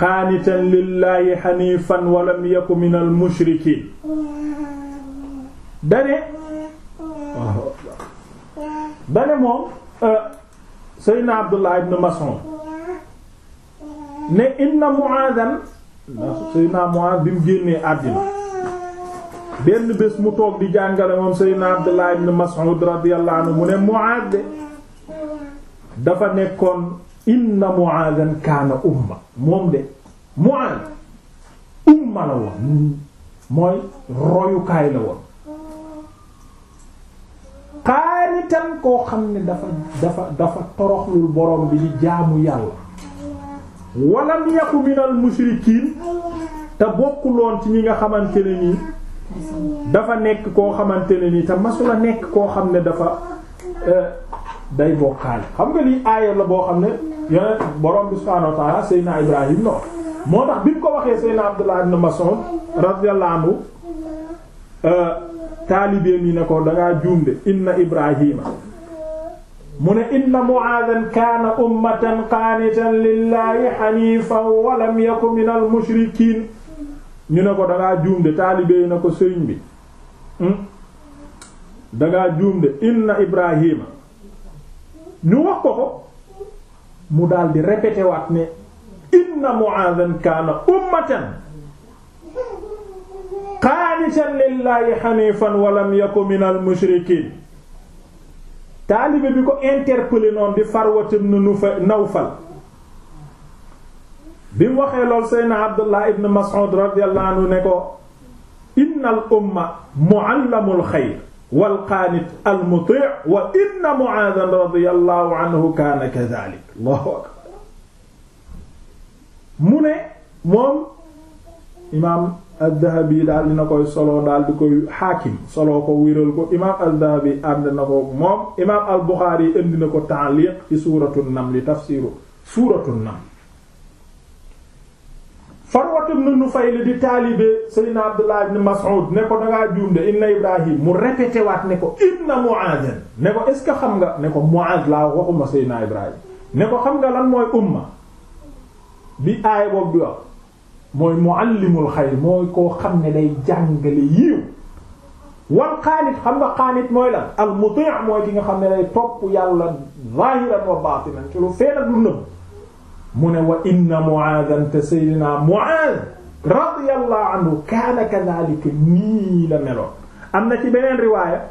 qaanitan lillaahi xaniifan walam yaku minal mushrikiin dane dane moom euh, seydna abdullah ibn mas'ud ne inna mu'aadan seydna mu'aad bi mu génnee benn bés mu toog di jàngale moom abdullah ibn mas'ud radiyallahu anhu mu ne mu'aad de dafa nekkoon inna Mu'aadan kaana umma moom de Mu'aad umma la woon mooy royukaay la woon qaanitan koo xam ne dafa dafa toroxlul borom bi di jaamu yàlla walam yaku minal mushrikiin te bokkuloon ci ñi nga xamante ne nii dafa nekk koo xamante ne nii te masula nekk koo xam ne dafa euh, day bokkaale xam nga lii aaya la boo xam ne yeneen borom bi subhaanahu wa ta'aala Ibrahim no moo tax bi mu ko waxee Seydina Abdullah ibn Mas'ud radiyallahu anhu euh, taalibeem yi ne ko dangaa juumde inna Ibrahima mu ne inna Mu'aadan kaana ummatan qaanitan lillahi haniifan wa lam yakun minal mushrikiin ñu ne ko dangaa juumde taalibe yi ne ko sëriñ bi hmm? dangaa juumde inna Ibrahima ñu wax ko ko mu daal di répété waat ne inna kaana ummatan qaanitan lillahi hanifan wa lam yakun minal taalibe bi ko interpellé di Farwat ibn Nawfal bi mu waxee lool Seydina Abdullah ibn Mas'ud radiyallahu ne ko innal umma mu'allamul xayr wal qaanit al muti' wa inna Mu'aadhan radiyallahu anhu kaana kadhaalik Allahu akbar mu ne moom imaam ad-Dahabi daal dina koy solo daal di koy xaakim solo ko wéral ko imaam ad-Dahabi ànd na ko moom imaam al-Buxaari indi na ko ta'liq ci suuratu Naml tafsiiru suuratu Naml nu ibn Nufayl di taalibe Seydina Abdullah ibn Mas'ud ne ko dangaa juum de inna Ibrahim mu répété waat ne ko inna Mu'adh ne ko est-ce que xam nga ne ko Mu'adh laa waxuma Seydina Ibrahim ne ko xam nga lan mooy umma bi aaya boobu bi wax mooy muallimul xayr mooy koo xam ne day jàngale yiiw wal xaanit xam nga xaanit mooy lan al muti' mooy ki nga xam ne day topp yàlla zaahiran wa baatinan ci lu feeñ ak lu mu ne wa inna Mu'aadan te Seydina Mu'aad radiyallahu anhu kaana kadhalika nii la meloon am na ci beneen riwaaya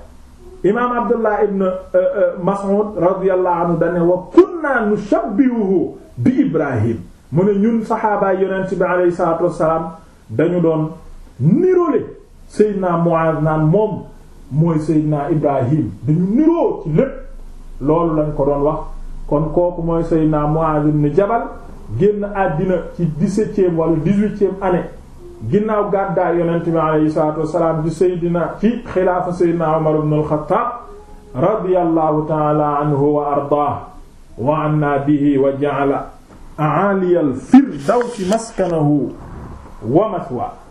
imaam Abdullah ibn uh, uh, Mas'ud radiyallahu anhu dane wa kunna nushabbihuhu bi Ibrahim mu ne ñun saxaabaay yonent bi alayhi salaatu wassalaam dañu doon niroole Seydina Mu'aad naan moom mooy Seydina Ibrahim dañu niroo ci lépp loolu lañ ko doon wax kon kooku mooy Seydina Muaz ibn Jabal génn àddina ci dix-septième wala dix-huitième année ginnaaw gàddaay yonent bi aleyhi salaatu wasalaam di Seydina ci xilaafa Seydina Umar ibn al-Khattab radiyallahu ta'ala anhu wa ardaah wa anna bihi wa ja'ala a'aliyal firdawsi maskanahu wa mathwaa